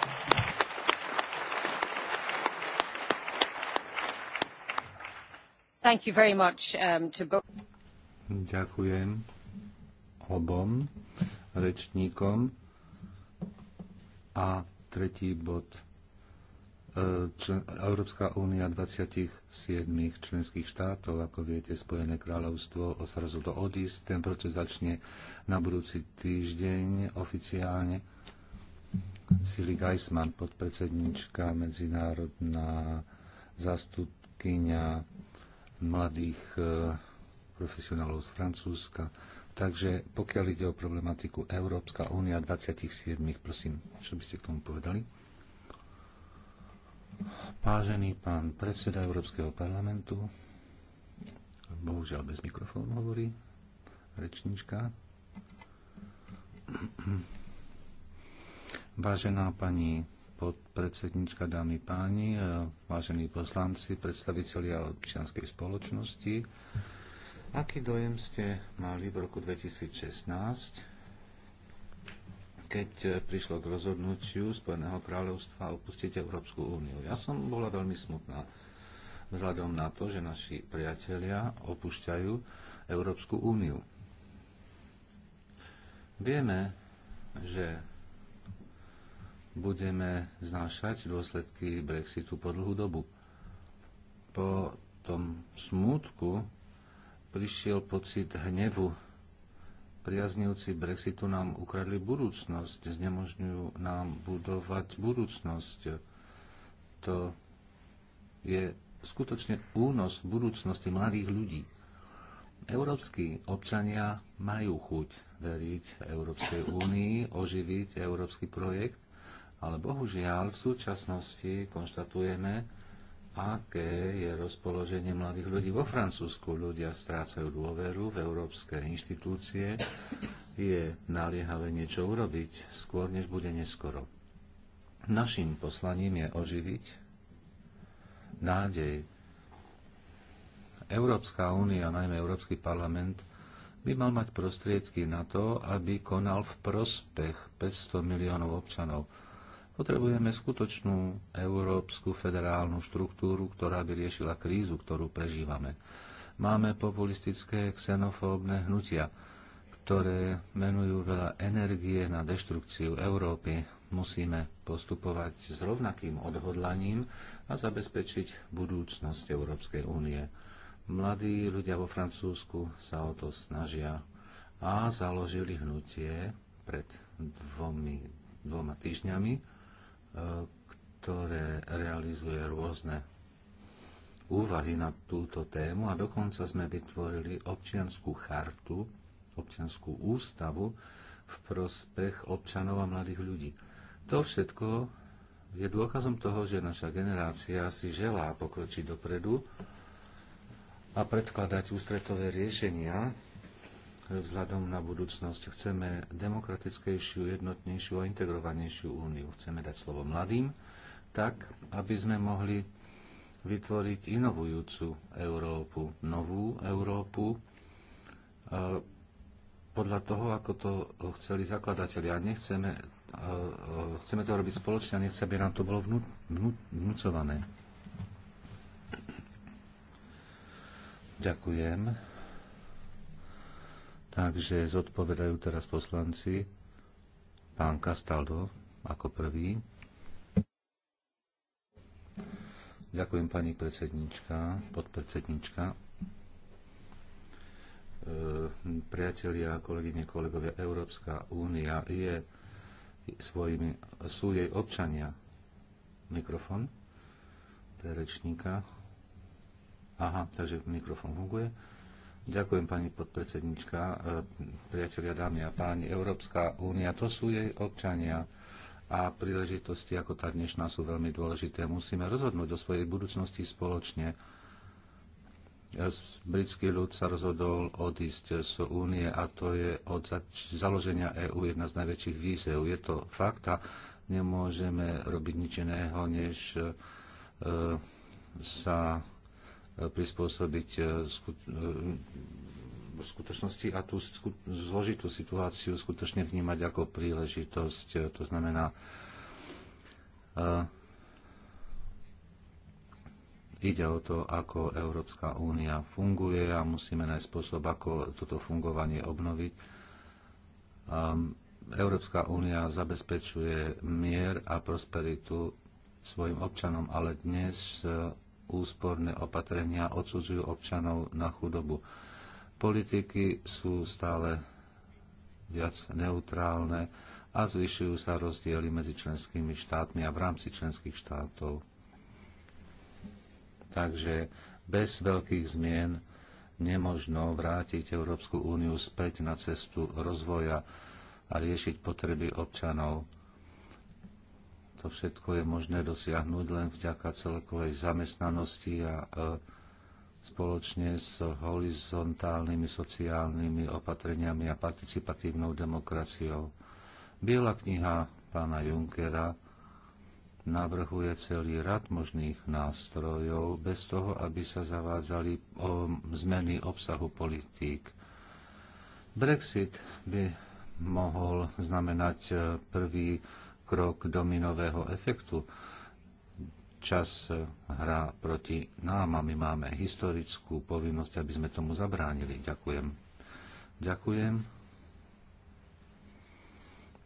Thank you very much, um, to both. Ďakujem obom rečníkom. A tretí bod. E, Európska únia 27 členských štátov, ako viete, Spojené kráľovstvo sa rozhodlo odísť. Ten proces začne na budúci týždeň oficiálne. Sili Geisman, podpredsednička medzinárodná zastupkynia mladých e, profesionálov z Francúzska. Takže pokiaľ ide o problematiku Európska únia 27, prosím, čo by ste k tomu povedali? Vážený pán predseda Európskeho parlamentu, bohužiaľ bez mikrofónu hovorí rečnička. Vážená pani podpredsednička, dámy páni, e, vážení poslanci, predstavitelia občianskej spoločnosti. Aký dojem ste mali v roku 2016, keď e, prišlo k rozhodnutiu Spojeného kráľovstva opustiť Európsku úniu? Ja som bola veľmi smutná vzhľadom na to, že naši priatelia opúšťajú Európsku úniu. Vieme, že budeme znášať dôsledky Brexitu po dlhú dobu. Po tom smútku prišiel pocit hnevu. Priaznivci Brexitu nám ukradli budúcnosť, znemožňujú nám budovať budúcnosť. To je skutočne únos budúcnosti mladých ľudí. Európsky občania majú chuť veriť Európskej únii, oživiť európsky projekt ale bohužiaľ v súčasnosti konštatujeme, aké je rozpoloženie mladých ľudí vo Francúzsku. Ľudia strácajú dôveru v európske inštitúcie. Je naliehavé niečo urobiť, skôr než bude neskoro. Našim poslaním je oživiť nádej. Európska únia, najmä Európsky parlament, by mal mať prostriedky na to, aby konal v prospech 500 miliónov občanov Potrebujeme skutočnú európsku federálnu štruktúru, ktorá by riešila krízu, ktorú prežívame. Máme populistické xenofóbne hnutia, ktoré menujú veľa energie na deštrukciu Európy. Musíme postupovať s rovnakým odhodlaním a zabezpečiť budúcnosť Európskej únie. Mladí ľudia vo Francúzsku sa o to snažia a založili hnutie pred dvomi, dvoma týždňami, ktoré realizuje rôzne úvahy na túto tému a dokonca sme vytvorili občianskú chartu, občianskú ústavu v prospech občanov a mladých ľudí. To všetko je dôkazom toho, že naša generácia si želá pokročiť dopredu a predkladať ústretové riešenia vzhľadom na budúcnosť. Chceme demokratickejšiu, jednotnejšiu a integrovanejšiu úniu. Chceme dať slovo mladým, tak, aby sme mohli vytvoriť inovujúcu Európu, novú Európu, e, podľa toho, ako to chceli zakladatelia. Nechceme, e, e, chceme to robiť spoločne a nechce, aby nám to bolo vnú, vnú, vnúcované. Ďakujem. Takže zodpovedajú teraz poslanci. Pán Kastaldo ako prvý. Ďakujem pani predsednička, podpredsednička. E, priatelia, kolegyne, kolegovia, Európska únia je svojimi, sú jej občania. Mikrofon pre rečníka. Aha, takže mikrofon funguje. Ďakujem, pani podpredsednička. E, priatelia, dámy a páni, Európska únia, to sú jej občania a príležitosti ako tá dnešná sú veľmi dôležité. Musíme rozhodnúť o svojej budúcnosti spoločne. E, britský ľud sa rozhodol odísť z únie a to je od založenia EÚ jedna z najväčších výzev. Je to fakt a nemôžeme robiť nič iného, než e, sa prispôsobiť e, e, v skutočnosti a tú zložitú situáciu skutočne vnímať ako príležitosť. E, to znamená, ide o to, ako Európska únia funguje a musíme nájsť spôsob, ako toto fungovanie obnoviť. Európska únia zabezpečuje mier a prosperitu svojim občanom, ale dnes úsporné opatrenia odsudzujú občanov na chudobu. Politiky sú stále viac neutrálne a zvyšujú sa rozdiely medzi členskými štátmi a v rámci členských štátov. Takže bez veľkých zmien nemožno vrátiť Európsku úniu späť na cestu rozvoja a riešiť potreby občanov to všetko je možné dosiahnuť len vďaka celkovej zamestnanosti a e, spoločne s horizontálnymi sociálnymi opatreniami a participatívnou demokraciou. Biela kniha pána Junkera navrhuje celý rad možných nástrojov bez toho, aby sa zavádzali o e, zmeny obsahu politík. Brexit by mohol znamenať e, prvý krok dominového efektu. Čas hrá proti nám a my máme historickú povinnosť, aby sme tomu zabránili. Ďakujem. Ďakujem.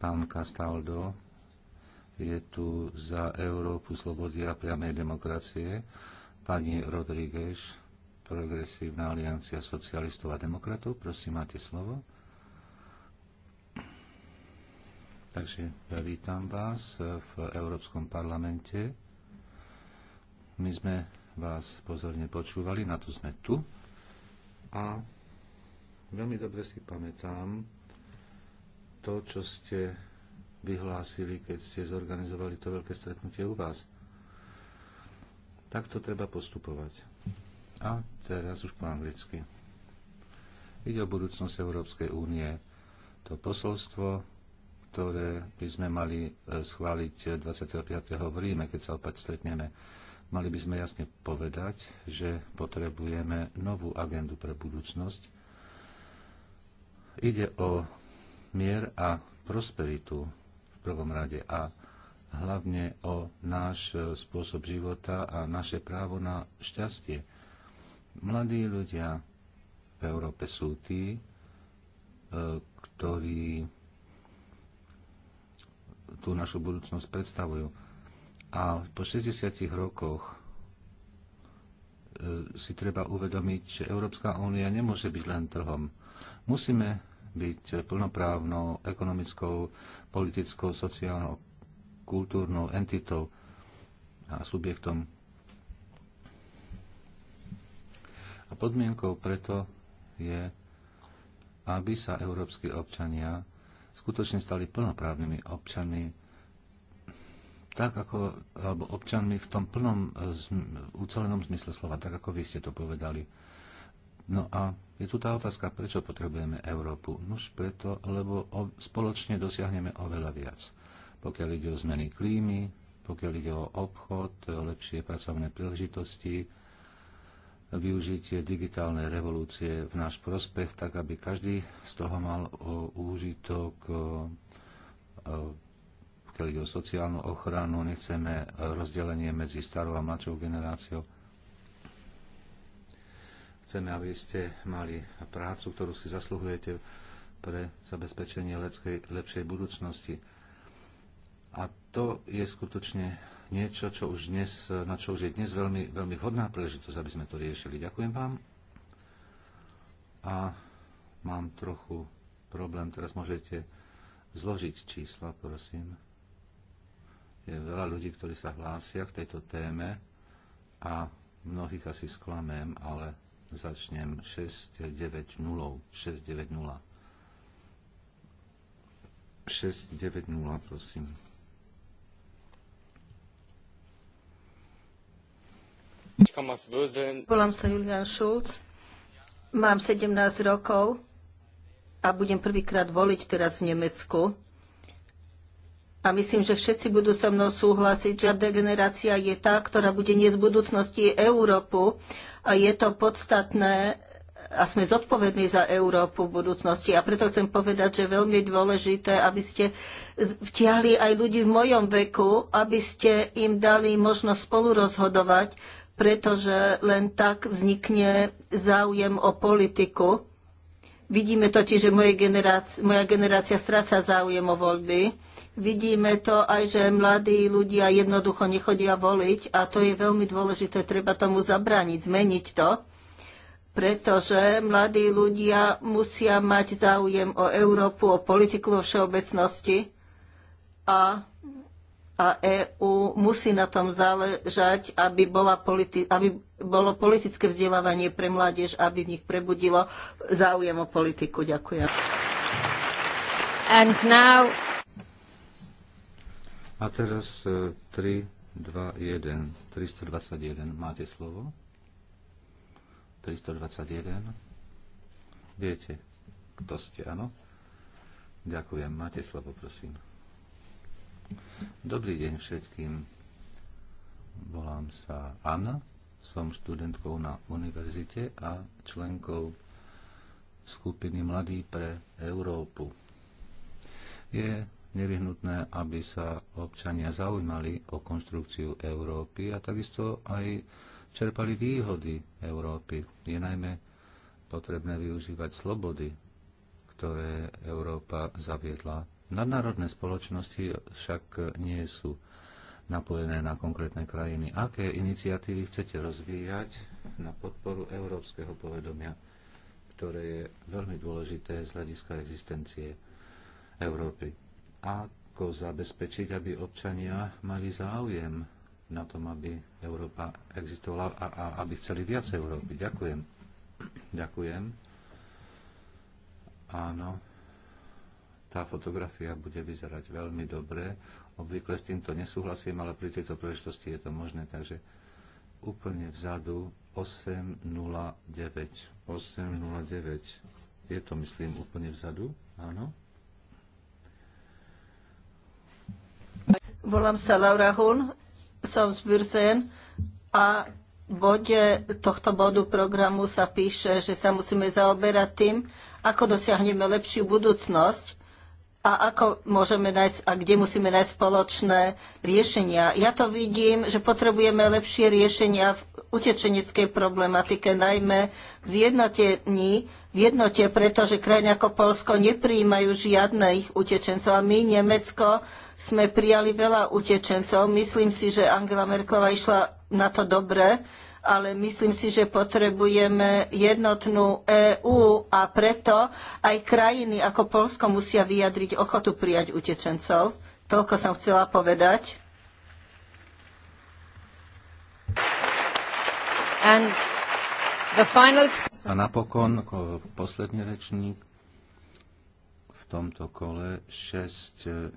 Pán Castaldo je tu za Európu slobody a priamej demokracie. Pani Rodríguez, Progresívna aliancia socialistov a demokratov. Prosím, máte slovo. Takže vítam vás v Európskom parlamente. My sme vás pozorne počúvali, na to sme tu. A veľmi dobre si pamätám to, čo ste vyhlásili, keď ste zorganizovali to veľké stretnutie u vás. Takto treba postupovať. A teraz už po anglicky. Ide o budúcnosť Európskej únie. To posolstvo ktoré by sme mali e, schváliť 25. E, v Ríme, keď sa opäť stretneme. Mali by sme jasne povedať, že potrebujeme novú agendu pre budúcnosť. Ide o mier a prosperitu v prvom rade a hlavne o náš e, spôsob života a naše právo na šťastie. Mladí ľudia v Európe sú tí, ktorí tú našu budúcnosť predstavujú. A po 60 rokoch e, si treba uvedomiť, že Európska únia nemôže byť len trhom. Musíme byť plnoprávnou ekonomickou, politickou, sociálnou, kultúrnou entitou a subjektom. A podmienkou preto je, aby sa európsky občania skutočne stali plnoprávnymi občanmi, tak ako, alebo občanmi v tom plnom e, ucelenom zmysle slova, tak ako vy ste to povedali. No a je tu tá otázka, prečo potrebujeme Európu? Nuž preto, lebo spoločne dosiahneme oveľa viac. Pokiaľ ide o zmeny klímy, pokiaľ ide o obchod, lepšie pracovné príležitosti, využitie digitálnej revolúcie v náš prospech, tak aby každý z toho mal e, úžitok, e, e, pokiaľ ide o sociálnu ochranu, nechceme rozdelenie medzi starou a mladšou generáciou. Chceme, aby ste mali prácu, ktorú si zasluhujete pre zabezpečenie lepšej budúcnosti. A to je skutočne niečo, čo už dnes, na čo už je dnes veľmi, veľmi vhodná príležitosť, aby sme to riešili. Ďakujem vám. A mám trochu problém. Teraz môžete zložiť čísla, prosím. Je veľa ľudí, ktorí sa hlásia k tejto téme a mnohých asi sklamem, ale začnem 690. 690. 690, prosím. Volám sa Julian Schulz, mám 17 rokov a budem prvýkrát voliť teraz v Nemecku. A myslím, že všetci budú so mnou súhlasiť, že degenerácia je tá, ktorá bude nie v budúcnosti Európu a je to podstatné a sme zodpovední za Európu v budúcnosti. A preto chcem povedať, že je veľmi dôležité, aby ste vtiahli aj ľudí v mojom veku, aby ste im dali možnosť spolurozhodovať, pretože len tak vznikne záujem o politiku. Vidíme totiž, že moje generácia, moja generácia stráca záujem o voľby. Vidíme to aj, že mladí ľudia jednoducho nechodia voliť a to je veľmi dôležité, treba tomu zabrániť, zmeniť to, pretože mladí ľudia musia mať záujem o Európu, o politiku vo všeobecnosti a a EÚ musí na tom záležať, aby, bola politi- aby bolo politické vzdelávanie pre mládež, aby v nich prebudilo záujem o politiku. Ďakujem. And now... A teraz 3, 2, 1, 321. Máte slovo? 321. Viete, kto ste, áno? Ďakujem. Máte slovo, prosím. Dobrý deň všetkým. Volám sa Anna, som študentkou na univerzite a členkou skupiny Mladí pre Európu. Je nevyhnutné, aby sa občania zaujímali o konštrukciu Európy a takisto aj čerpali výhody Európy. Je najmä potrebné využívať slobody, ktoré Európa zaviedla Nadnárodné spoločnosti však nie sú napojené na konkrétne krajiny. Aké iniciatívy chcete rozvíjať na podporu európskeho povedomia, ktoré je veľmi dôležité z hľadiska existencie Európy? Ako zabezpečiť, aby občania mali záujem na tom, aby Európa existovala a, a aby chceli viac Európy? Ďakujem. Ďakujem. Áno, tá fotografia bude vyzerať veľmi dobre. Obvykle s týmto nesúhlasím, ale pri tejto príležitosti je to možné, takže úplne vzadu 809. 809. Je to, myslím, úplne vzadu, áno. Volám sa Laura Hun, som z Bürzen a v bode tohto bodu programu sa píše, že sa musíme zaoberať tým, ako dosiahneme lepšiu budúcnosť a ako môžeme nájsť a kde musíme nájsť spoločné riešenia. Ja to vidím, že potrebujeme lepšie riešenia v utečeneckej problematike, najmä v zjednotení, v jednote, pretože krajiny ako Polsko nepríjmajú žiadnych utečencov a my, Nemecko, sme prijali veľa utečencov. Myslím si, že Angela Merklova išla na to dobre, ale myslím si, že potrebujeme jednotnú EÚ a preto aj krajiny ako Polsko musia vyjadriť ochotu prijať utečencov. Toľko som chcela povedať. And the final... A napokon posledný rečník v tomto kole 609,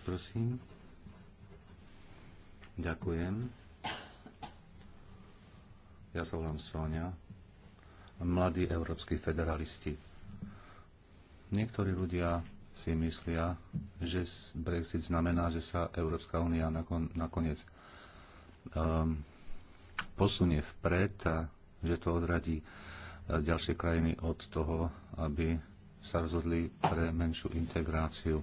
prosím. Ďakujem. Ja sa volám Sonia. Mladí európsky federalisti. Niektorí ľudia si myslia, že Brexit znamená, že sa Európska únia nakon, nakoniec um, posunie vpred a že to odradí e, ďalšie krajiny od toho, aby sa rozhodli pre menšiu integráciu.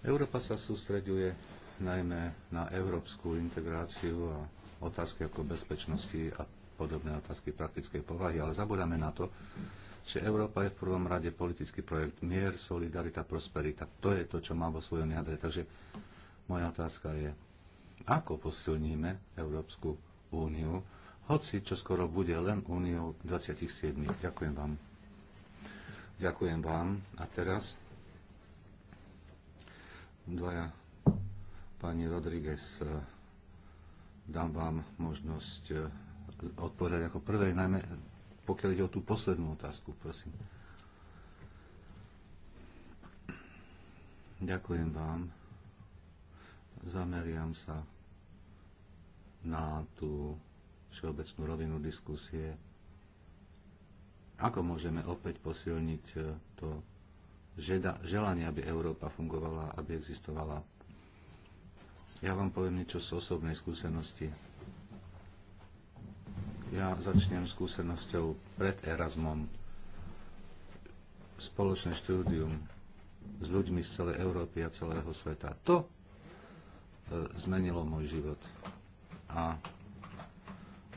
Európa sa sústreďuje najmä na európsku integráciu a otázky ako bezpečnosti a podobné otázky praktickej povahy, ale zabudáme na to, že Európa je v prvom rade politický projekt mier, solidarita, prosperita. To je to, čo mám vo svojom jadre. Takže moja otázka je, ako posilníme Európsku úniu, hoci čo skoro bude len úniou 27. Ďakujem vám. Ďakujem vám. A teraz dvaja pani Rodriguez, eh, dám vám možnosť eh, odpovedať ako prvé, najmä pokiaľ ide o tú poslednú otázku, prosím. Ďakujem vám. Zameriam sa na tú všeobecnú rovinu diskusie. Ako môžeme opäť posilniť eh, to želanie, aby Európa fungovala, aby existovala? Ja vám poviem niečo z osobnej skúsenosti. Ja začnem skúsenosťou pred Erasmom. Spoločné štúdium s ľuďmi z celej Európy a celého sveta. To e, zmenilo môj život. A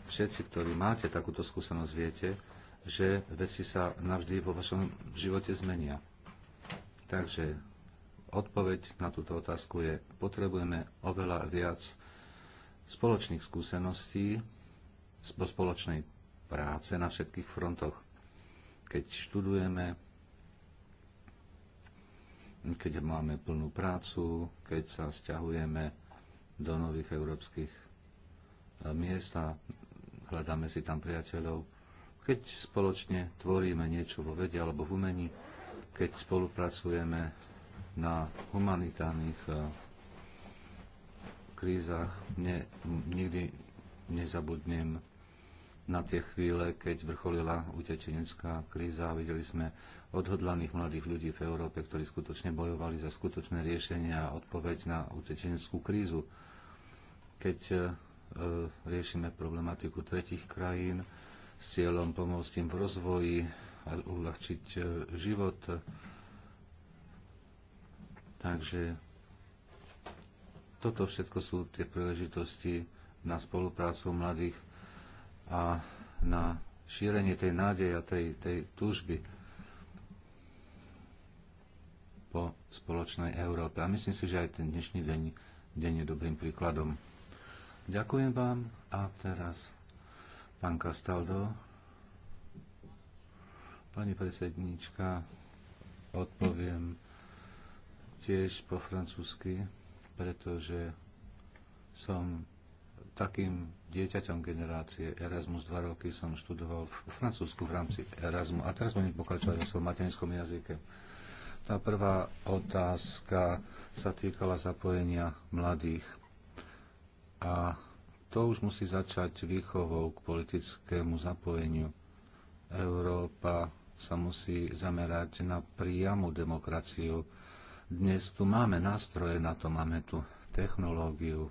všetci, ktorí máte takúto skúsenosť, viete, že veci sa navždy vo vašom živote zmenia. Takže odpoveď na túto otázku je, potrebujeme oveľa viac spoločných skúseností spoločnej práce na všetkých frontoch. Keď študujeme, keď máme plnú prácu, keď sa stiahujeme do nových európskych eh, miest a hľadáme si tam priateľov, keď spoločne tvoríme niečo vo vede alebo v umení, keď spolupracujeme na humanitárnych eh, krízach, ne, nikdy nezabudnem na tie chvíle, keď vrcholila utečenecká kríza. Videli sme odhodlaných mladých ľudí v Európe, ktorí skutočne bojovali za skutočné riešenia a odpoveď na utečeneckú krízu. Keď e, riešime problematiku tretich krajín s cieľom pomôcť im v rozvoji a uľahčiť e, život. Takže toto všetko sú tie príležitosti na spoluprácu mladých a na šírenie tej nádeje a tej, tej túžby po spoločnej Európe. A myslím si, že aj ten dnešný deň, deň je dobrým príkladom. Ďakujem vám a teraz pán Castaldo, pani predsednička, odpoviem tiež po francúzsky, pretože som takým dieťaťom generácie Erasmus. Dva roky som študoval v Francúzsku v rámci Erasmu. A teraz budem pokračovať o svojom materinskom jazyke. Tá prvá otázka sa týkala zapojenia mladých. A to už musí začať výchovou k politickému zapojeniu. Európa sa musí zamerať na priamu demokraciu. Dnes tu máme nástroje na to, máme tu technológiu,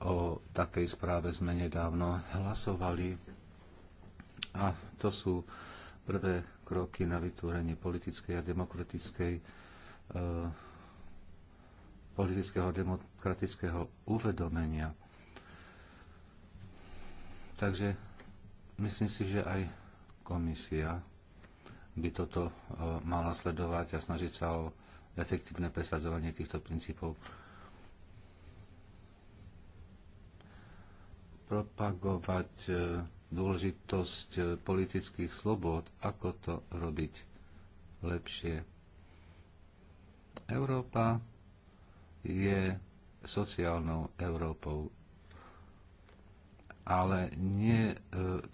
O takej správe sme nedávno hlasovali a to sú prvé kroky na vytvorenie politickej a demokratickej e, politického a demokratického uvedomenia. Takže myslím si, že aj komisia by toto e, mala sledovať a snažiť sa o efektívne presadzovanie týchto princípov propagovať e, dôležitosť e, politických slobod, ako to robiť lepšie. Európa je sociálnou Európou, ale nie e,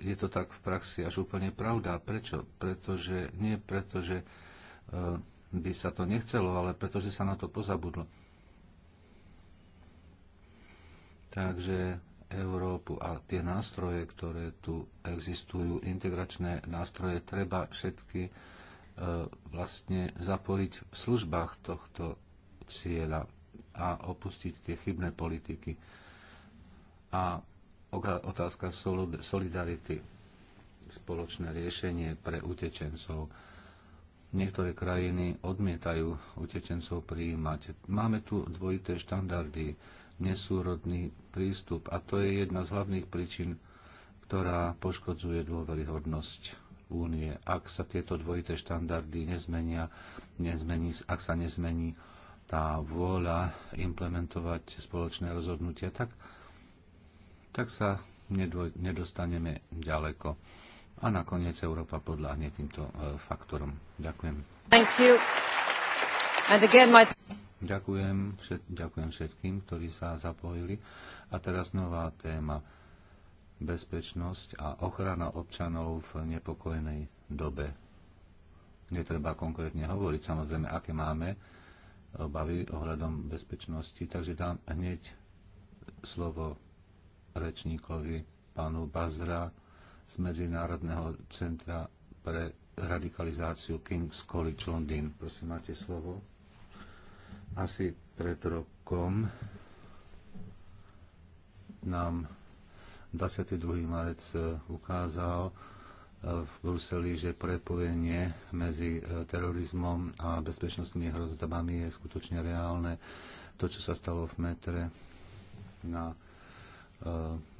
je to tak v praxi až úplne pravda. Prečo? Pretože, nie preto, že by sa to nechcelo, ale pretože sa na to pozabudlo. Takže Európu a tie nástroje, ktoré tu existujú, integračné nástroje, treba všetky e, vlastne zapojiť v službách tohto cieľa a opustiť tie chybné politiky. A otázka solidarity, spoločné riešenie pre utečencov. Niektoré krajiny odmietajú utečencov prijímať. Máme tu dvojité štandardy nesúrodný prístup. A to je jedna z hlavných príčin, ktorá poškodzuje dôveryhodnosť únie. Ak sa tieto dvojité štandardy nezmenia, nezmení, ak sa nezmení tá vôľa implementovať spoločné rozhodnutia, tak, tak sa nedvoj, nedostaneme ďaleko. A nakoniec Európa podľahne týmto e, faktorom. Ďakujem. Thank you. And again, my... Ďakujem, všet, ďakujem všetkým, ktorí sa zapojili. A teraz nová téma. Bezpečnosť a ochrana občanov v nepokojnej dobe. Netreba konkrétne hovoriť, samozrejme, aké máme obavy ohľadom bezpečnosti. Takže dám hneď slovo rečníkovi pánu Bazra z Medzinárodného centra pre radikalizáciu King's College London. Prosím, máte slovo. Asi pred rokom nám 22. marec e, ukázal e, v Bruseli, že prepojenie medzi e, terorizmom a bezpečnostnými hrozbami je skutočne reálne. To, čo sa stalo v metre na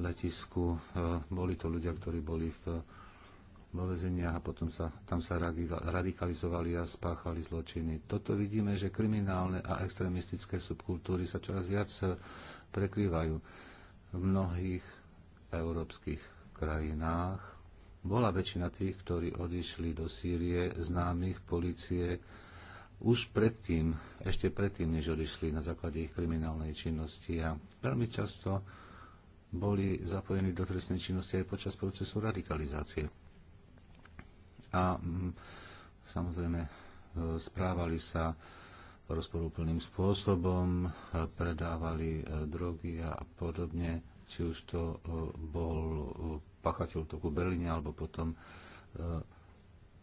letisku, boli to ľudia, ktorí boli v vo vezeniach a potom sa, tam sa radikalizovali a spáchali zločiny. Toto vidíme, že kriminálne a extrémistické subkultúry sa čoraz viac eh, prekrývajú. V mnohých európskych krajinách bola väčšina tých, ktorí odišli do Sýrie, známych policie, už predtým, ešte predtým, než odišli na základe ich kriminálnej činnosti a veľmi často boli zapojení do trestnej činnosti aj počas procesu radikalizácie a mm, samozrejme e, správali sa rozporúplným spôsobom, e, predávali e, drogy a podobne, či už to bol pachateľ toku Berlíne alebo potom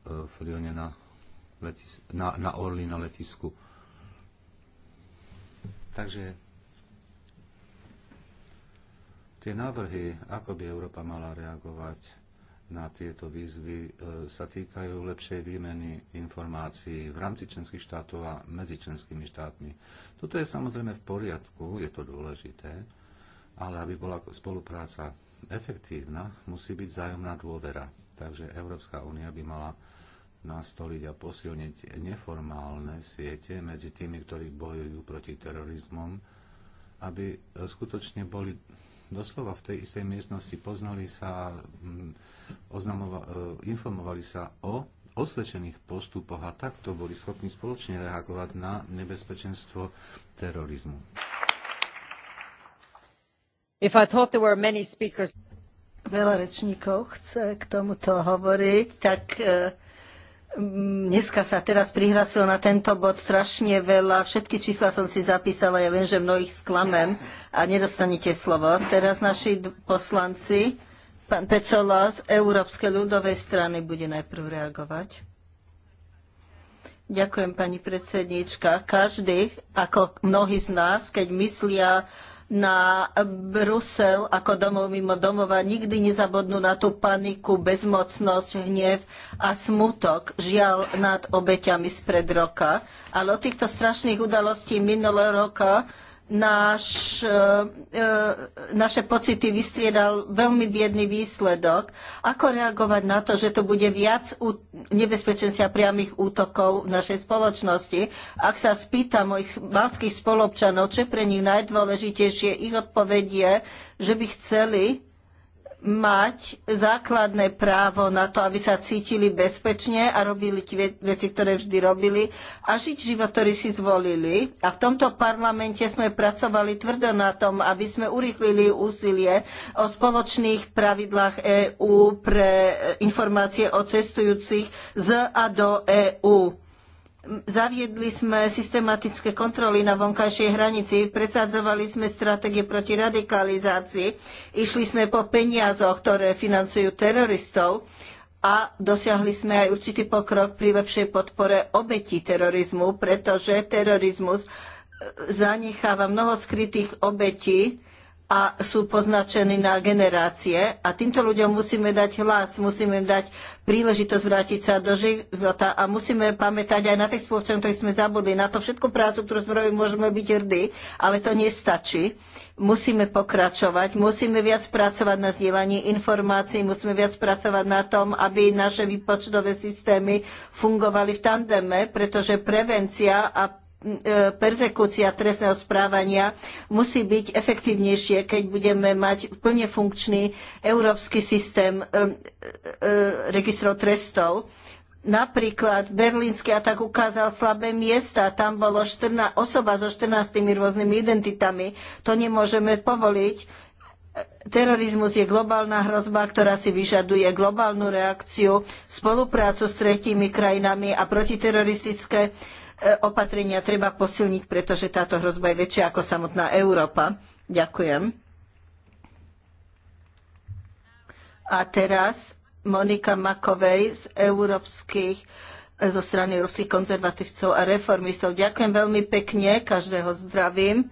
v Lione na, letis- na, na Orly na letisku. Takže tie návrhy, ako by Európa mala reagovať na tieto výzvy e, sa týkajú lepšej výmeny informácií v rámci členských štátov a medzi členskými štátmi. Toto je samozrejme v poriadku, je to dôležité, ale aby bola spolupráca efektívna, musí byť vzájomná dôvera. Takže Európska únia by mala nastoliť a posilniť neformálne siete medzi tými, ktorí bojujú proti terorizmom, aby e, skutočne boli doslova v tej istej miestnosti poznali sa, mm, e, informovali sa o osvedčených postupoch a takto boli schopní spoločne reagovať na nebezpečenstvo terorizmu. If I thought there were many speakers... Veľa rečníkov chce k tomuto hovoriť, tak e, Mm, dneska sa teraz prihlásil na tento bod strašne veľa. Všetky čísla som si zapísala, ja viem, že mnohých sklamem a nedostanete slovo. Teraz naši poslanci, pán Pecola z Európskej ľudovej strany bude najprv reagovať. Ďakujem, pani predsednička. Každý, ako mnohí z nás, keď myslia na Brusel ako domov mimo domova, nikdy nezabudnú na tú paniku, bezmocnosť, hnev a smutok, žiaľ nad obeťami spred roka. Ale od týchto strašných udalostí minulého roka náš, e, e, naše pocity vystriedal veľmi biedný výsledok. Ako reagovať na to, že to bude viac nebezpečenstva priamých útokov v našej spoločnosti? Ak sa spýta mojich malských spolobčanov, čo je pre nich najdôležitejšie, ich odpovedie, že by chceli, mať základné právo na to, aby sa cítili bezpečne a robili tie veci, ktoré vždy robili a žiť život, ktorý si zvolili. A v tomto parlamente sme pracovali tvrdo na tom, aby sme urýchlili úsilie o spoločných pravidlách EÚ pre informácie o cestujúcich z a do EÚ. Zaviedli sme systematické kontroly na vonkajšej hranici, presadzovali sme stratégie proti radikalizácii, išli sme po peniazoch, ktoré financujú teroristov a dosiahli sme aj určitý pokrok pri lepšej podpore obetí terorizmu, pretože terorizmus e, zanecháva mnoho skrytých obetí, a sú poznačení na generácie a týmto ľuďom musíme dať hlas, musíme im dať príležitosť vrátiť sa do života a musíme pamätať aj na tých spoločenov, ktorých sme zabudli. Na to všetku prácu, ktorú sme robili, môžeme byť hrdí, ale to nestačí. Musíme pokračovať, musíme viac pracovať na zdieľaní informácií, musíme viac pracovať na tom, aby naše výpočtové systémy fungovali v tandeme, pretože prevencia a persekúcia trestného správania musí byť efektívnejšie, keď budeme mať plne funkčný európsky systém e, e, registrov trestov. Napríklad berlínsky atak ukázal slabé miesta, tam bolo 14, osoba so 14 rôznymi identitami. To nemôžeme povoliť. Terorizmus je globálna hrozba, ktorá si vyžaduje globálnu reakciu, spoluprácu s tretími krajinami a protiteroristické E, opatrenia treba posilniť, pretože táto hrozba je väčšia ako samotná Európa. Ďakujem. A teraz Monika Makovej z európskych e, zo strany európskych konzervatívcov a reformistov. Ďakujem veľmi pekne, každého zdravím.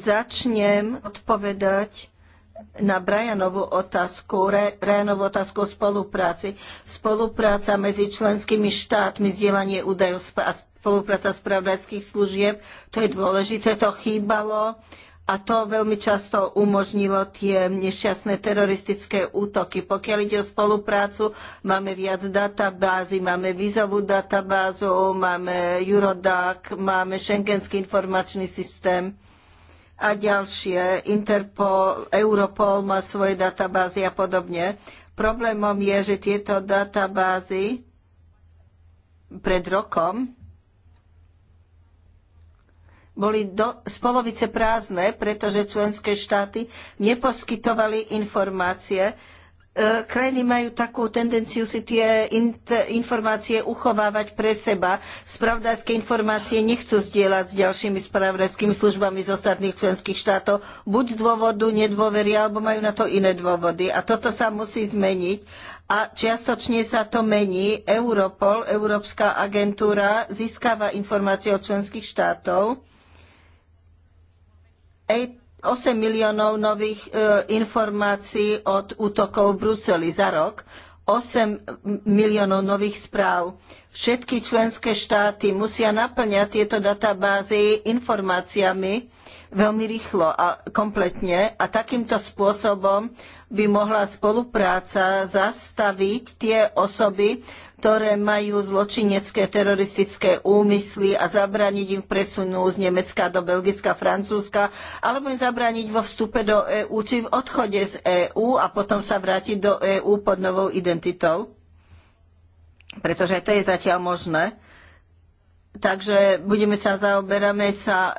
Začnem odpovedať na Brianovú otázku, Brianovú otázku o spolupráci. Spolupráca medzi členskými štátmi, zdieľanie údajov a spolupráca spravodajských služieb, to je dôležité, to chýbalo a to veľmi často umožnilo tie nešťastné teroristické útoky. Pokiaľ ide o spoluprácu, máme viac databázy, máme vízovú databázu, máme Eurodac, máme Schengenský informačný systém a ďalšie. Interpol, Europol má svoje databázy a podobne. Problémom je, že tieto databázy pred rokom boli do, z polovice prázdne, pretože členské štáty neposkytovali informácie. E, krajiny majú takú tendenciu si tie informácie uchovávať pre seba. Spravodajské informácie nechcú zdieľať s ďalšími spravodajskými službami z ostatných členských štátov, buď z dôvodu nedôvery, alebo majú na to iné dôvody. A toto sa musí zmeniť a čiastočne sa to mení. Europol, Európska agentúra, získava informácie od členských štátov 8 miliónov nových e, informácií od útokov v Bruseli za rok, 8 miliónov nových správ. Všetky členské štáty musia naplňať tieto databázy informáciami veľmi rýchlo a kompletne a takýmto spôsobom by mohla spolupráca zastaviť tie osoby, ktoré majú zločinecké teroristické úmysly a zabrániť im presunú z Nemecka do Belgicka, Francúzska, alebo im zabrániť vo vstupe do EÚ či v odchode z EÚ a potom sa vrátiť do EÚ pod novou identitou? Pretože to je zatiaľ možné. Takže budeme sa zaoberáme sa e, e,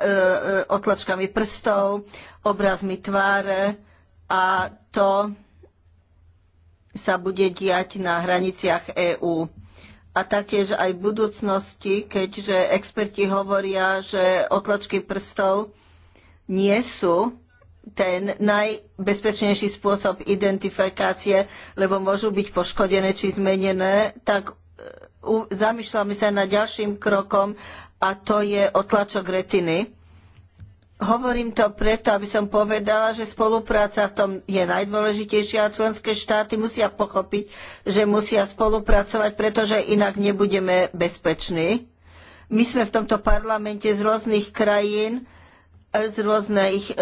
otlačkami prstov, obrazmi tváre a to sa bude diať na hraniciach EÚ. A taktiež aj v budúcnosti, keďže experti hovoria, že otlačky prstov nie sú ten najbezpečnejší spôsob identifikácie, lebo môžu byť poškodené či zmenené, tak e, zamýšľame sa nad ďalším krokom a to je otlačok retiny Hovorím to preto, aby som povedala, že spolupráca v tom je najdôležitejšia a členské štáty musia pochopiť, že musia spolupracovať, pretože inak nebudeme bezpeční. My sme v tomto parlamente z rôznych krajín, z rôznych e,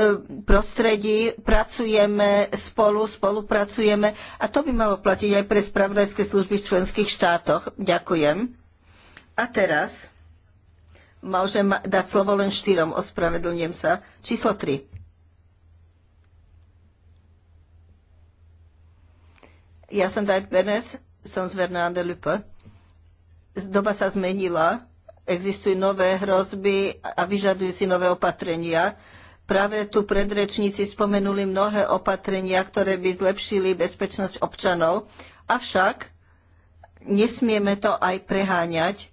prostredí pracujeme spolu, spolupracujeme a to by malo platiť aj pre spravodajské služby v členských štátoch. Ďakujem. A teraz Môžem dať slovo len štyrom, ospravedlňujem sa. Číslo 3. Ja som Dajt Bernes, som z Verna de Lupe. Doba sa zmenila, existujú nové hrozby a vyžadujú si nové opatrenia. Práve tu predrečníci spomenuli mnohé opatrenia, ktoré by zlepšili bezpečnosť občanov. Avšak nesmieme to aj preháňať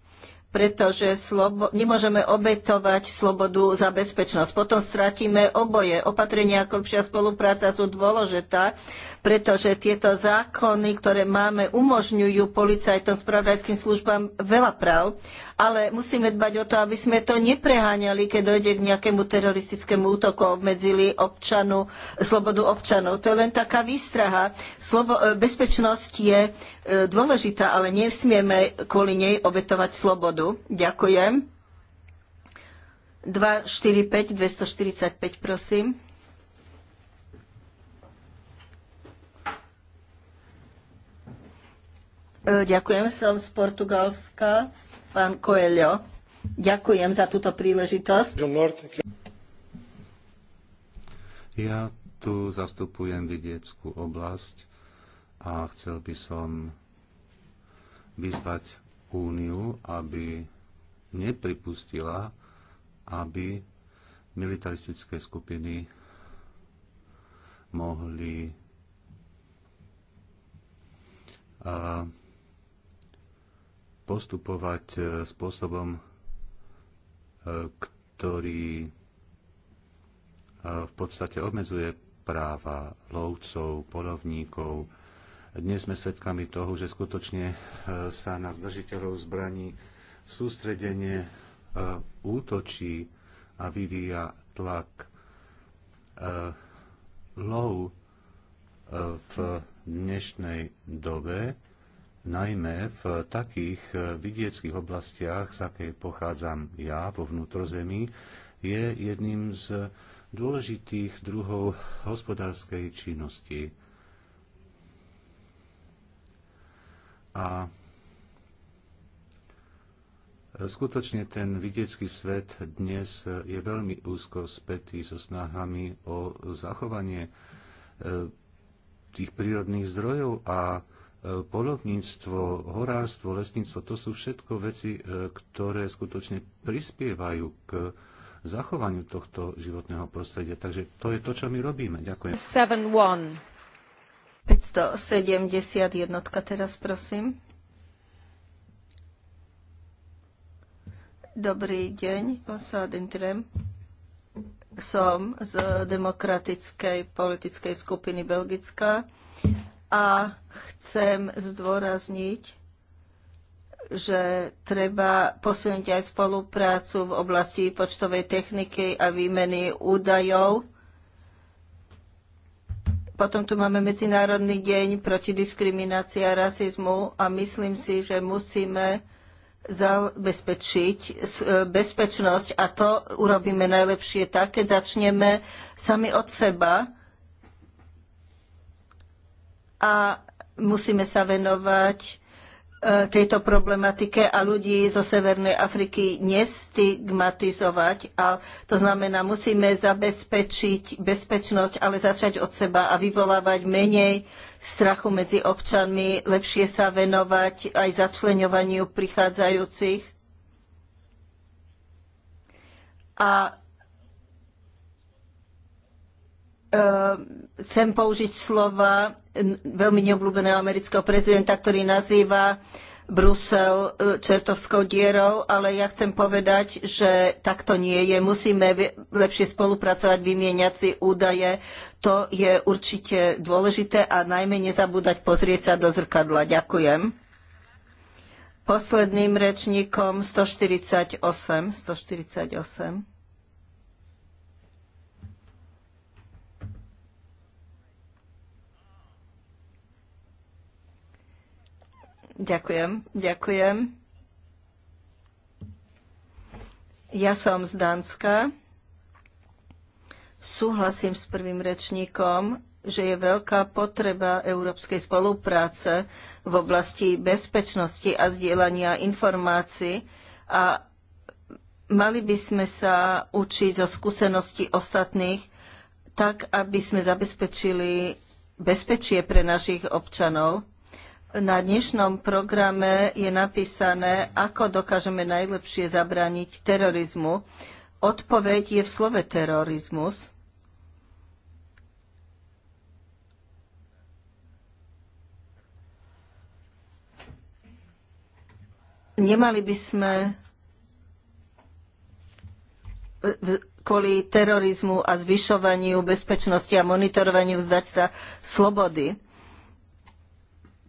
pretože slobo- nemôžeme obetovať slobodu za bezpečnosť. Potom stratíme oboje. Opatrenia ako korupčia spolupráca sú dôležitá, pretože tieto zákony, ktoré máme, umožňujú policajtom, spravodajským službám veľa práv, ale musíme dbať o to, aby sme to nepreháňali, keď dojde k nejakému teroristickému útoku, obmedzili občanu, slobodu občanov. To je len taká výstraha. Slobo- e, bezpečnosť je E, dôležitá, ale nesmieme kvôli nej obetovať slobodu. Ďakujem. 245, 245, prosím. E, ďakujem, som z Portugalska, pán Coelho. Ďakujem za túto príležitosť. Ja tu zastupujem vidieckú oblasť a chcel by som vyzvať Úniu, aby nepripustila, aby militaristické skupiny mohli postupovať e, spôsobom, e, ktorý e, v podstate obmedzuje práva lovcov, polovníkov, dnes sme svedkami toho, že skutočne e, sa na držiteľov zbraní sústredenie e, útočí a vyvíja tlak. E, lov v dnešnej dobe, najmä v takých vidieckých oblastiach, z akej pochádzam ja, vo vnútrozemí, je jedným z dôležitých druhov hospodárskej činnosti A Skutočne ten vidiecký svet dnes je veľmi úzko spätý so snahami o zachovanie e, tých prírodných zdrojov a e, polovníctvo, horárstvo, lesníctvo, to sú všetko veci, e, ktoré skutočne prispievajú k zachovaniu tohto životného prostredia. Takže to je to, čo my robíme. Ďakujem. 7, 570 jednotka teraz, prosím. Dobrý deň, pán trem. Som z demokratickej politickej skupiny Belgická a chcem zdôrazniť, že treba posunúť aj spoluprácu v oblasti počtovej techniky a výmeny údajov potom tu máme Medzinárodný deň proti diskriminácii a rasizmu a myslím si, že musíme zabezpečiť bezpečnosť a to urobíme najlepšie tak, keď začneme sami od seba a musíme sa venovať E, tejto problematike a ľudí zo Severnej Afriky nestigmatizovať. A to znamená, musíme zabezpečiť bezpečnosť, ale začať od seba a vyvolávať menej strachu medzi občanmi, lepšie sa venovať aj začleňovaniu prichádzajúcich. A Ehm, chcem použiť slova veľmi neobľúbeného amerického prezidenta, ktorý nazýva Brusel e, čertovskou dierou, ale ja chcem povedať, že takto nie je. Musíme lepšie spolupracovať, vymieňať si údaje. To je určite dôležité a najmä nezabúdať pozrieť sa do zrkadla. Ďakujem. Posledným rečníkom 148. 148. Ďakujem, ďakujem. Ja som z Dánska. Súhlasím s prvým rečníkom, že je veľká potreba európskej spolupráce v oblasti bezpečnosti a zdieľania informácií a mali by sme sa učiť zo skúseností ostatných tak, aby sme zabezpečili bezpečie pre našich občanov na dnešnom programe je napísané, ako dokážeme najlepšie zabrániť terorizmu. Odpoveď je v slove terorizmus. Nemali by sme e, kvôli terorizmu a zvyšovaniu bezpečnosti a monitorovaniu vzdať sa slobody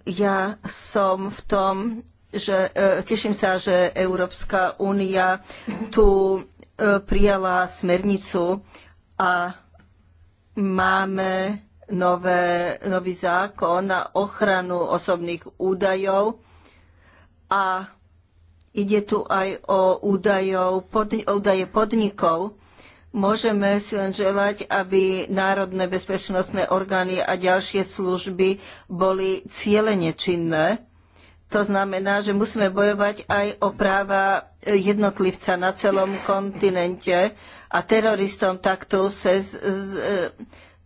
ja som v tom, že e, teším sa, že Európska únia tu e, prijala smernicu a máme nové, nový zákon na ochranu osobných údajov a ide tu aj o, údajov, pod, o údaje podnikov Môžeme si len želať, aby národné bezpečnostné orgány a ďalšie služby boli cieľene činné. To znamená, že musíme bojovať aj o práva jednotlivca na celom kontinente a teroristom takto se z, z,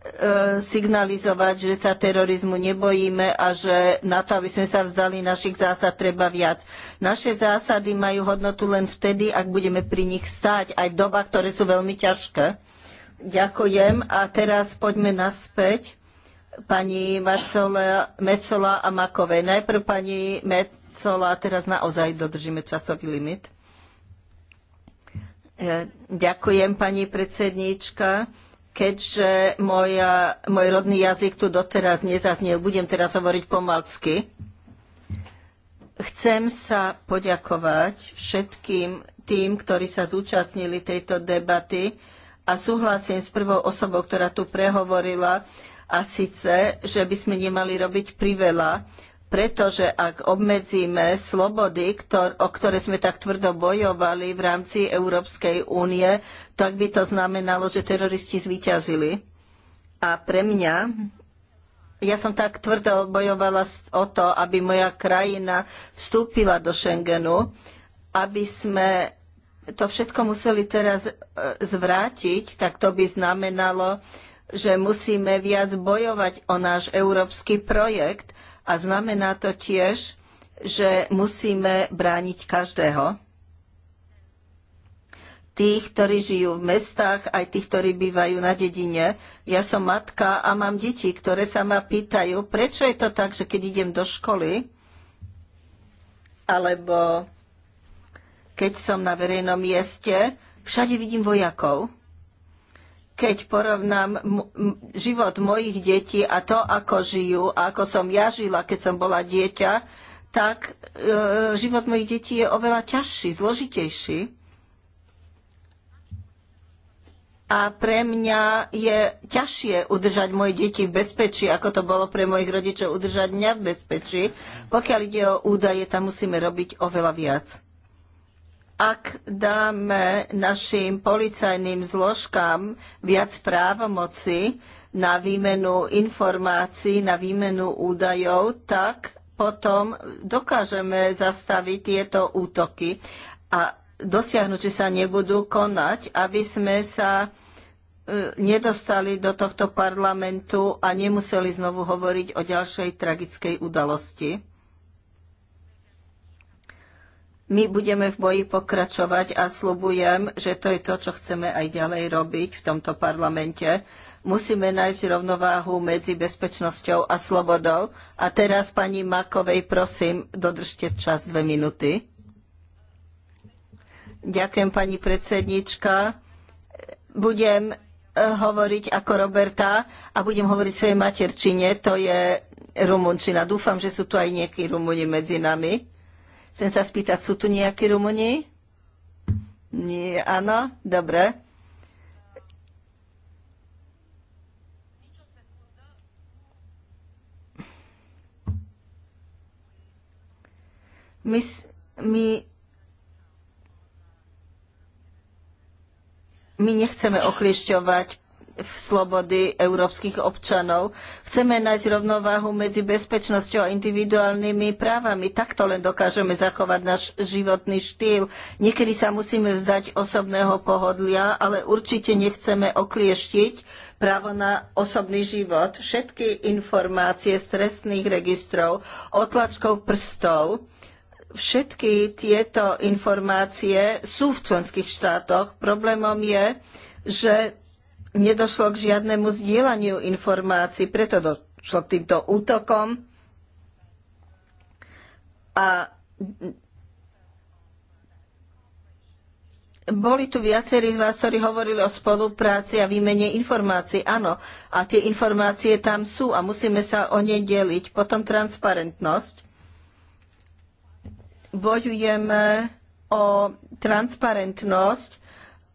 E, signalizovať, že sa terorizmu nebojíme a že na to, aby sme sa vzdali našich zásad, treba viac. Naše zásady majú hodnotu len vtedy, ak budeme pri nich stáť, aj v dobách, ktoré sú veľmi ťažké. Ďakujem a teraz poďme naspäť pani Mecola a Makovej. Najprv pani Mecola, teraz naozaj dodržíme časový limit. E, ďakujem, pani predsedníčka keďže moja, môj rodný jazyk tu doteraz nezaznel, budem teraz hovoriť pomalsky. Chcem sa poďakovať všetkým tým, ktorí sa zúčastnili tejto debaty a súhlasím s prvou osobou, ktorá tu prehovorila, a síce, že by sme nemali robiť priveľa, pretože ak obmedzíme slobody, ktor, o ktoré sme tak tvrdo bojovali v rámci Európskej únie, tak by to znamenalo, že teroristi zvíťazili. A pre mňa, ja som tak tvrdo bojovala o to, aby moja krajina vstúpila do Schengenu, aby sme to všetko museli teraz e, zvrátiť, tak to by znamenalo, že musíme viac bojovať o náš európsky projekt, a znamená to tiež, že musíme brániť každého. Tých, ktorí žijú v mestách, aj tých, ktorí bývajú na dedine. Ja som matka a mám deti, ktoré sa ma pýtajú, prečo je to tak, že keď idem do školy, alebo keď som na verejnom mieste, všade vidím vojakov keď porovnám život mojich detí a to, ako žijú, a ako som ja žila, keď som bola dieťa, tak e, život mojich detí je oveľa ťažší, zložitejší. A pre mňa je ťažšie udržať moje deti v bezpečí, ako to bolo pre mojich rodičov udržať mňa v bezpečí. Pokiaľ ide o údaje, tam musíme robiť oveľa viac ak dáme našim policajným zložkám viac právomoci na výmenu informácií, na výmenu údajov, tak potom dokážeme zastaviť tieto útoky a dosiahnuť, že sa nebudú konať, aby sme sa e, nedostali do tohto parlamentu a nemuseli znovu hovoriť o ďalšej tragickej udalosti. My budeme v boji pokračovať a slubujem, že to je to, čo chceme aj ďalej robiť v tomto parlamente. Musíme nájsť rovnováhu medzi bezpečnosťou a slobodou. A teraz pani Makovej, prosím, dodržte čas dve minúty. Ďakujem, pani predsednička. Budem eh, hovoriť ako Roberta a budem hovoriť svojej materčine, to je rumunčina. Dúfam, že sú tu aj nejakí Rumúni medzi nami. Chcem sa spýtať, sú tu nejakí Rumuni? Nie, áno, dobre. My, my, my nechceme okliešťovať slobody európskych občanov. Chceme nájsť rovnováhu medzi bezpečnosťou a individuálnymi právami. Takto len dokážeme zachovať náš životný štýl. Niekedy sa musíme vzdať osobného pohodlia, ale určite nechceme oklieštiť právo na osobný život. Všetky informácie z trestných registrov, otlačkov prstov, všetky tieto informácie sú v členských štátoch. Problémom je, že nedošlo k žiadnemu zdieľaniu informácií, preto došlo k týmto útokom. A boli tu viacerí z vás, ktorí hovorili o spolupráci a výmene informácií. Áno, a tie informácie tam sú a musíme sa o ne deliť. Potom transparentnosť. Bojujeme o transparentnosť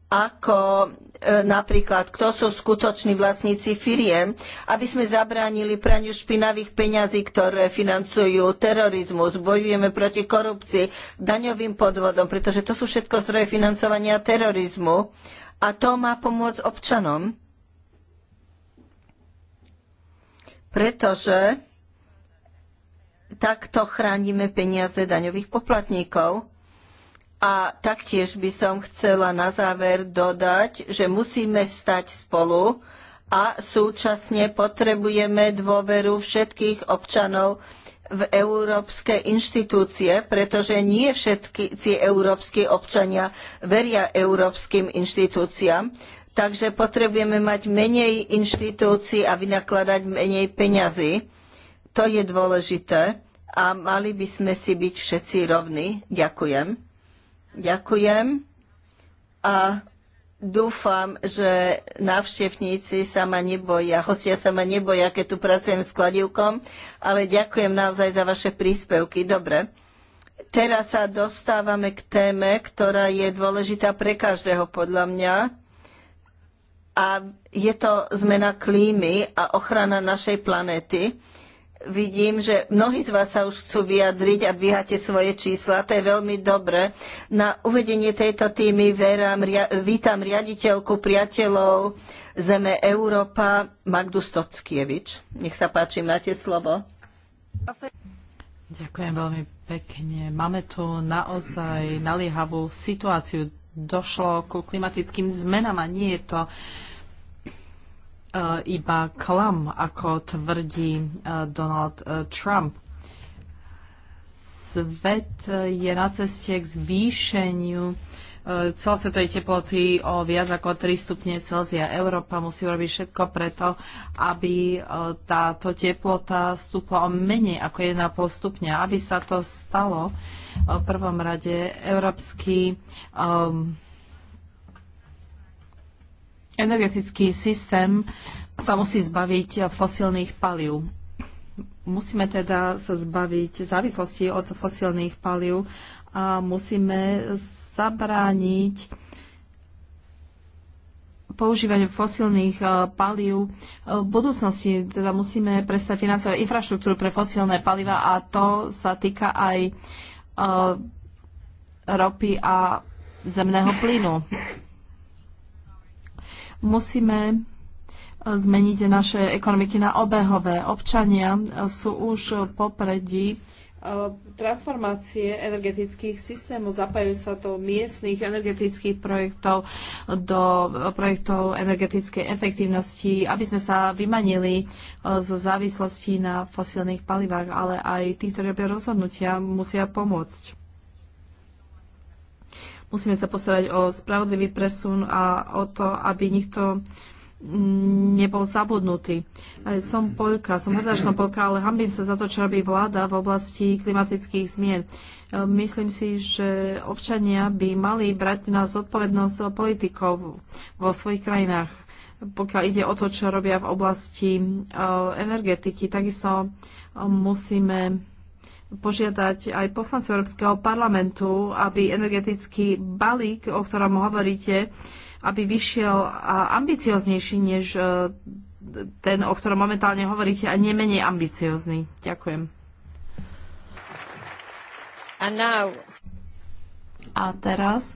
ako e, napríklad, kto sú skutoční vlastníci firiem, aby sme zabránili praniu špinavých peňazí, ktoré financujú terorizmus, bojujeme proti korupcii, daňovým podvodom, pretože to sú všetko zdroje financovania terorizmu a to má pomôcť občanom. Pretože takto chránime peniaze daňových poplatníkov a taktiež by som chcela na záver dodať, že musíme stať spolu a súčasne potrebujeme dôveru všetkých občanov v európske inštitúcie, pretože nie všetci európski občania veria európskym inštitúciám. Takže potrebujeme mať menej inštitúcií a vynakladať menej peňazí. To je dôležité a mali by sme si byť všetci rovní. Ďakujem. Ďakujem a dúfam, že návštevníci sa ma neboja, hostia sa ma neboja, keď tu pracujem s kladivkom, ale ďakujem naozaj za vaše príspevky. Dobre. Teraz sa dostávame k téme, ktorá je dôležitá pre každého podľa mňa. A je to zmena klímy a ochrana našej planéty vidím, že mnohí z vás sa už chcú vyjadriť a dvíhate svoje čísla. To je veľmi dobre. Na uvedenie tejto týmy verám, ria, vítam riaditeľku priateľov Zeme Európa Magdu Stockievič. Nech sa páči, máte slovo. Ďakujem veľmi pekne. Máme tu naozaj naliehavú situáciu. Došlo ku klimatickým zmenám a nie je to uh, E, iba klam, ako tvrdí e, Donald e, Trump. Svet je na ceste k zvýšeniu celosvetovej teploty o viac ako 3 stupne Celzia. Európa musí urobiť všetko preto, aby táto teplota stúpla o menej ako 1,5 stupňa. Aby sa to stalo, v prvom rade Európsky um, energetický systém sa musí zbaviť fosílnych palív. Musíme teda sa zbaviť závislosti od fosílnych palív a musíme zabrániť používaniu fosílnych eh, palív eh, v budúcnosti. Teda musíme prestať financovať infraštruktúru pre fosílne paliva a to sa týka aj eh, ropy a zemného plynu. Musíme e, zmeniť naše ekonomiky na obehové. Občania e, sú už popredí e, transformácie energetických systémov. Zapájajú sa do miestnych energetických projektov, do projektov energetickej efektívnosti, aby sme sa vymanili zo závislosti na fosílnych palivách, ale aj tí, ktorí robia rozhodnutia, musia pomôcť. Musíme sa postarať o spravodlivý presun a o to, aby nikto mm, nebol zabudnutý. E, som Polka, som hrdá, že som Polka, ale hambím sa za to, čo robí vláda v oblasti klimatických zmien. E, myslím si, že občania by mali brať na zodpovednosť politikov vo svojich krajinách, pokiaľ ide o to, čo robia v oblasti e, energetiky. Takisto musíme požiadať aj poslance Európskeho parlamentu, aby energetický balík, o ktorom hovoríte, aby vyšiel ambicioznejší než e, ten, o ktorom momentálne hovoríte, a nemenej ambiciozný. Ďakujem. A teraz e,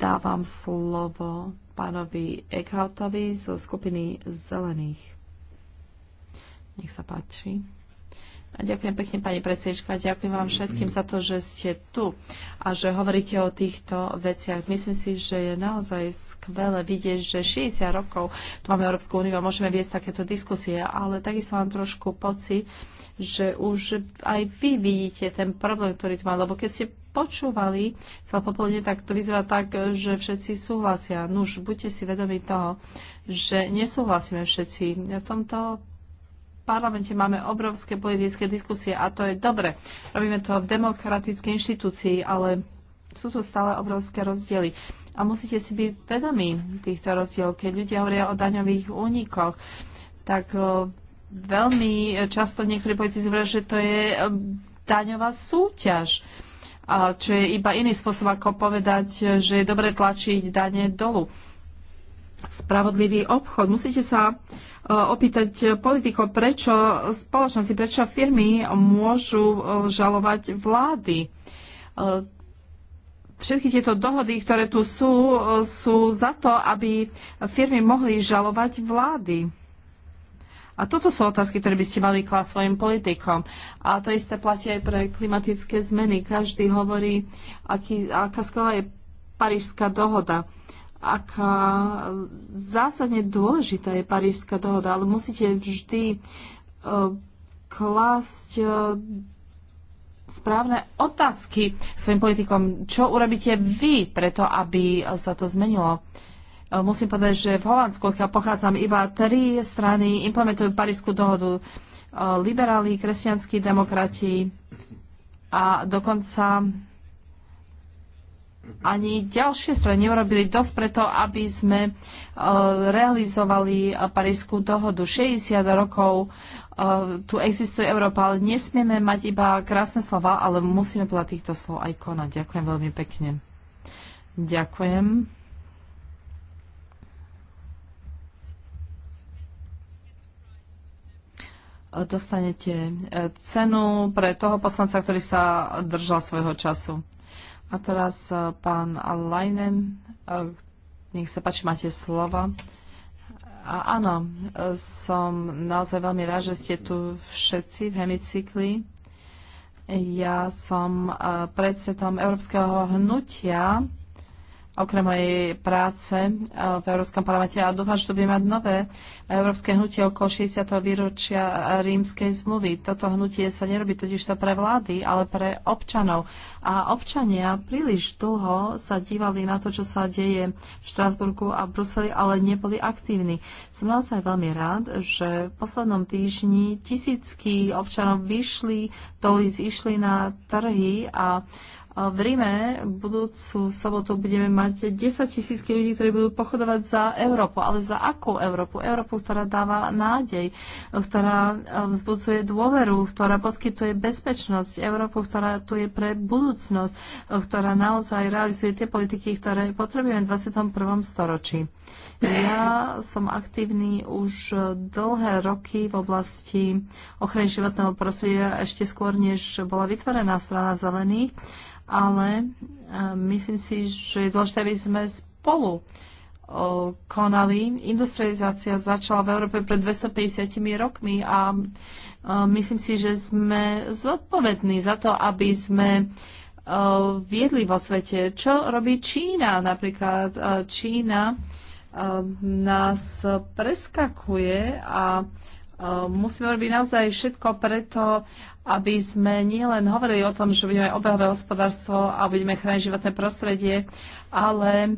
dávam slovo pánovi Eckhoutovi zo skupiny Zelených. Nech sa páči. Ďakujem pekne, pani predsednička. Ďakujem vám všetkým za to, že ste tu a že hovoríte o týchto veciach. Myslím si, že je naozaj skvelé vidieť, že 60 rokov tu máme Európsku úniu a môžeme viesť takéto diskusie, ale takisto mám trošku pocit, že už aj vy vidíte ten problém, ktorý tu má, lebo keď ste počúvali celé popoludne, tak to vyzerá tak, že všetci súhlasia. Nuž, buďte si vedomi toho, že nesúhlasíme všetci v tomto parlamente máme obrovské politické diskusie a to je dobre. Robíme to v demokratickej inštitúcii, ale sú tu stále obrovské rozdiely. A musíte si byť vedomí týchto rozdielov. Keď ľudia hovoria o daňových únikoch, tak veľmi často niektorí politici hovoria, že to je daňová súťaž. A čo je iba iný spôsob, ako povedať, že je dobre tlačiť dane dolu spravodlivý obchod. Musíte sa e, opýtať politikov, prečo spoločnosti, prečo firmy môžu e, žalovať vlády. E, všetky tieto dohody, ktoré tu sú, sú za to, aby firmy mohli žalovať vlády. A toto sú otázky, ktoré by ste mali klásť svojim politikom. A to isté platí aj pre klimatické zmeny. Každý hovorí, aký, aká skvelá je Parížská dohoda. Uh, aká zásadne dôležitá je parížska dohoda, ale musíte vždy e, klásť e, správne otázky svojim politikom. Čo urobíte vy preto, aby sa to zmenilo? E, musím povedať, že v Holandsku, keď pochádzam, iba tri strany implementujú Parísku dohodu. Liberáli, kresťanskí demokrati a dokonca ani ďalšie strany neurobili dosť preto, aby sme e, realizovali e, Parísku dohodu. 60 rokov e, tu existuje Európa, ale nesmieme mať iba krásne slova, ale musíme podľa týchto slov aj konať. Ďakujem veľmi pekne. Ďakujem. Dostanete cenu pre toho poslanca, ktorý sa držal svojho času. A teraz e, pán Alainen, e, nech sa páči, máte slova. A áno, e, som naozaj veľmi rád, že ste tu všetci v hemicykli. Ja som predsedom Európskeho hnutia okrem mojej práce eh, v Európskom parlamente a dúfam, že to bude mať nové európske hnutie okolo 60. výročia rímskej zmluvy. Toto hnutie sa nerobí totiž to pre vlády, ale pre občanov. A občania príliš dlho sa dívali na to, čo sa deje v Štrásburgu a v Bruseli, ale neboli aktívni. Som naozaj veľmi rád, že v poslednom týždni tisícky občanov vyšli toli zišli išli na trhy a v Ríme budúcu sobotu budeme mať 10 tisícky ľudí, ktorí budú pochodovať za Európu. Ale za akú Európu? Európu, ktorá dáva nádej, ktorá eh, vzbudzuje dôveru, ktorá poskytuje bezpečnosť, Európu, ktorá tu je pre budúcnosť, eh, ktorá naozaj realizuje tie politiky, ktoré potrebujeme v 21. storočí. Ja som aktívny už dlhé roky v oblasti ochrany životného prostredia, ešte skôr, než bola vytvorená strana zelených ale myslím si, že je dôležité, aby sme spolu konali. Industrializácia začala v Európe pred 250 rokmi a myslím si, že sme zodpovední za to, aby sme viedli vo svete. Čo robí Čína? Napríklad Čína nás preskakuje a musíme robiť naozaj všetko preto, aby sme nielen hovorili o tom, že budeme obehové hospodárstvo a budeme chrániť životné prostredie, ale e,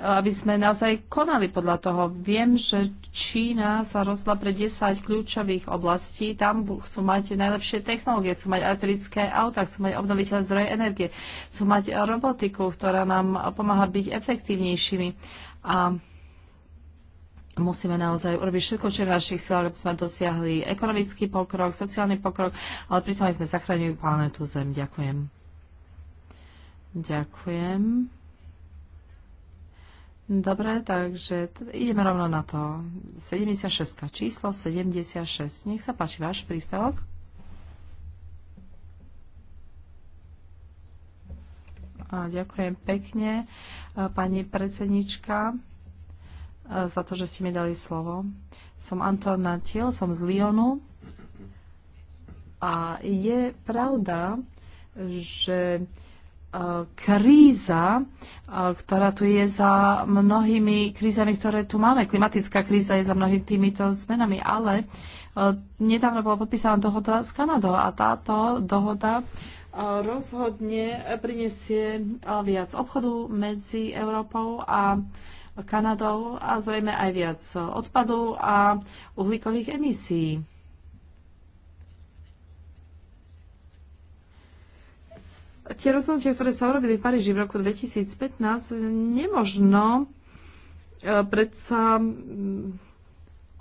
aby sme naozaj konali podľa toho. Viem, že Čína sa rozhodla pre 10 kľúčových oblastí. Tam chcú mať najlepšie technológie, chcú mať elektrické auta, chcú mať obnoviteľné zdroje energie, chcú mať robotiku, ktorá nám pomáha byť efektívnejšími. A musíme naozaj urobiť všetko, čo je v našich silách, aby sme dosiahli ekonomický pokrok, sociálny pokrok, ale pritom aj sme zachránili planetu Zem. Ďakujem. Ďakujem. Dobre, takže ideme rovno na to. 76, číslo 76. Nech sa páči váš príspevok. A ďakujem pekne, pani predsednička za to, že ste mi dali slovo. Som Anton Natiel, som z Lyonu. A je pravda, že e, kríza, e, ktorá tu je za mnohými krízami, ktoré tu máme. Klimatická kríza je za mnohými týmito zmenami, ale e, nedávno bola podpísaná dohoda s Kanadou a táto dohoda rozhodne prinesie viac obchodu medzi Európou a Kanadou a zrejme aj viac odpadu a uhlíkových emisí. Tie rozhodnutia, ktoré sa urobili v Paríži v roku 2015, nemožno e, predsa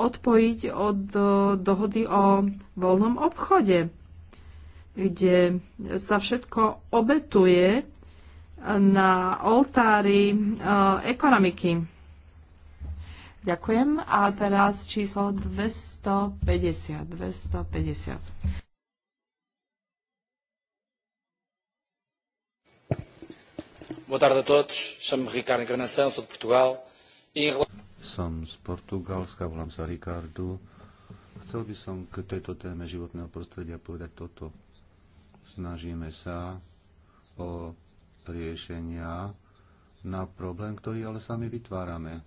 odpojiť od e, dohody o voľnom obchode, kde sa všetko obetuje na oltári e, ekonomiky. Ďakujem. A teraz číslo 250. 250. Boa tarde a todos. Chamo-me Ricardo Encarnação, sou de Portugal. Som z Portugalska, volám sa Ricardo. Chcel by som k tejto téme životného prostredia povedať toto. Snažíme sa o riešenia na problém, ktorý ale sami vytvárame.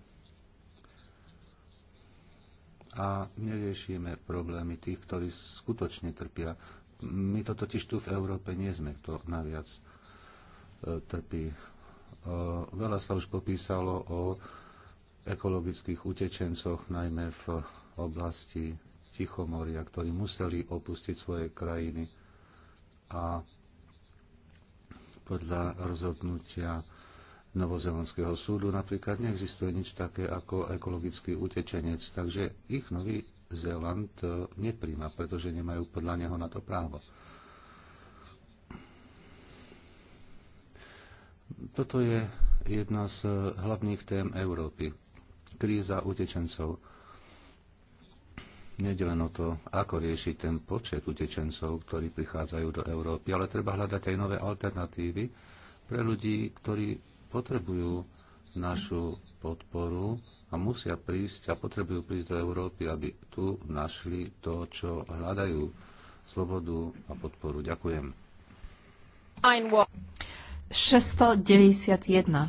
A neriešime problémy tých, ktorí skutočne trpia. My to totiž tu v Európe nie sme, kto naviac e, trpí. E, veľa sa už popísalo o ekologických utečencoch, najmä v oblasti Tichomoria, ktorí museli opustiť svoje krajiny a podľa rozhodnutia Novozelandského súdu napríklad neexistuje nič také ako ekologický utečenec, takže ich Nový Zéland e, nepríjma, pretože nemajú podľa neho na to právo. Toto je jedna z e, hlavných tém Európy. Kríza utečencov Nede len o to, ako riešiť ten počet utečencov, ktorí prichádzajú do Európy, ale treba hľadať aj nové alternatívy pre ľudí, ktorí potrebujú našu podporu a musia prísť a potrebujú prísť do Európy, aby tu našli to, čo hľadajú, slobodu a podporu. Ďakujem. 691,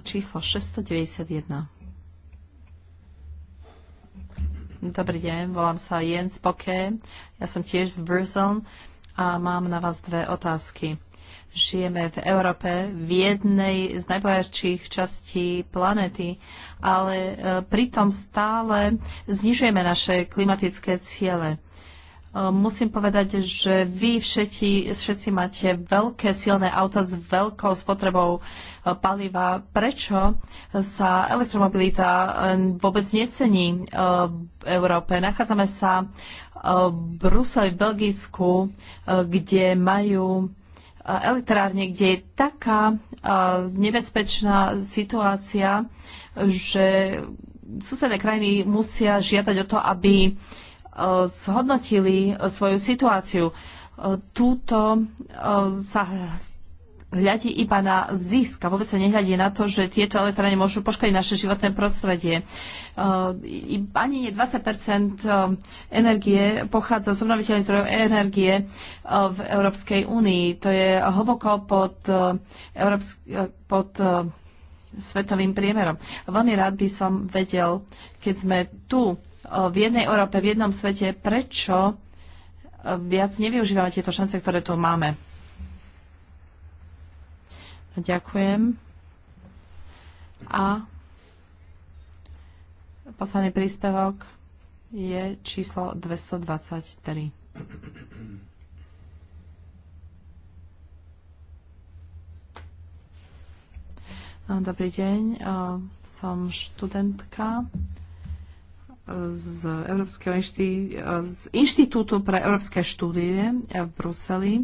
číslo 691. Dobrý deň, volám sa Jens Poke, ja som tiež z Brzeln a mám na vás dve otázky. Žijeme v Európe, v jednej z najbohatších častí planety, ale e, pritom stále znižujeme naše klimatické ciele. Ehm, musím povedať, že vy všetci, všetci máte veľké silné auta s veľkou spotrebou e, paliva. Prečo sa elektromobilita e, vôbec necení e, v Európe? Nachádzame sa v Bruseli, v Belgicku, kde majú elektrárne, kde je taká nebezpečná situácia, že susedné krajiny musia žiadať o to, aby zhodnotili svoju situáciu. Túto e, sa hľadí iba na zisk a vôbec sa nehľadí na to, že tieto elektrárne môžu poškodiť naše životné prostredie. E, ani nie 20 e, energie pochádza z obnoviteľných zdrojov energie v Európskej únii. To je hlboko pod, Európsk- pod svetovým priemerom. Veľmi rád by som vedel, keď sme tu v jednej Európe, v jednom svete, prečo e, viac nevyužívame tieto šance, ktoré tu máme. Ďakujem. A posledný príspevok je číslo 223. Dobrý deň, e, som študentka z, Európskeho inští, z Inštitútu pre európske štúdie v Bruseli.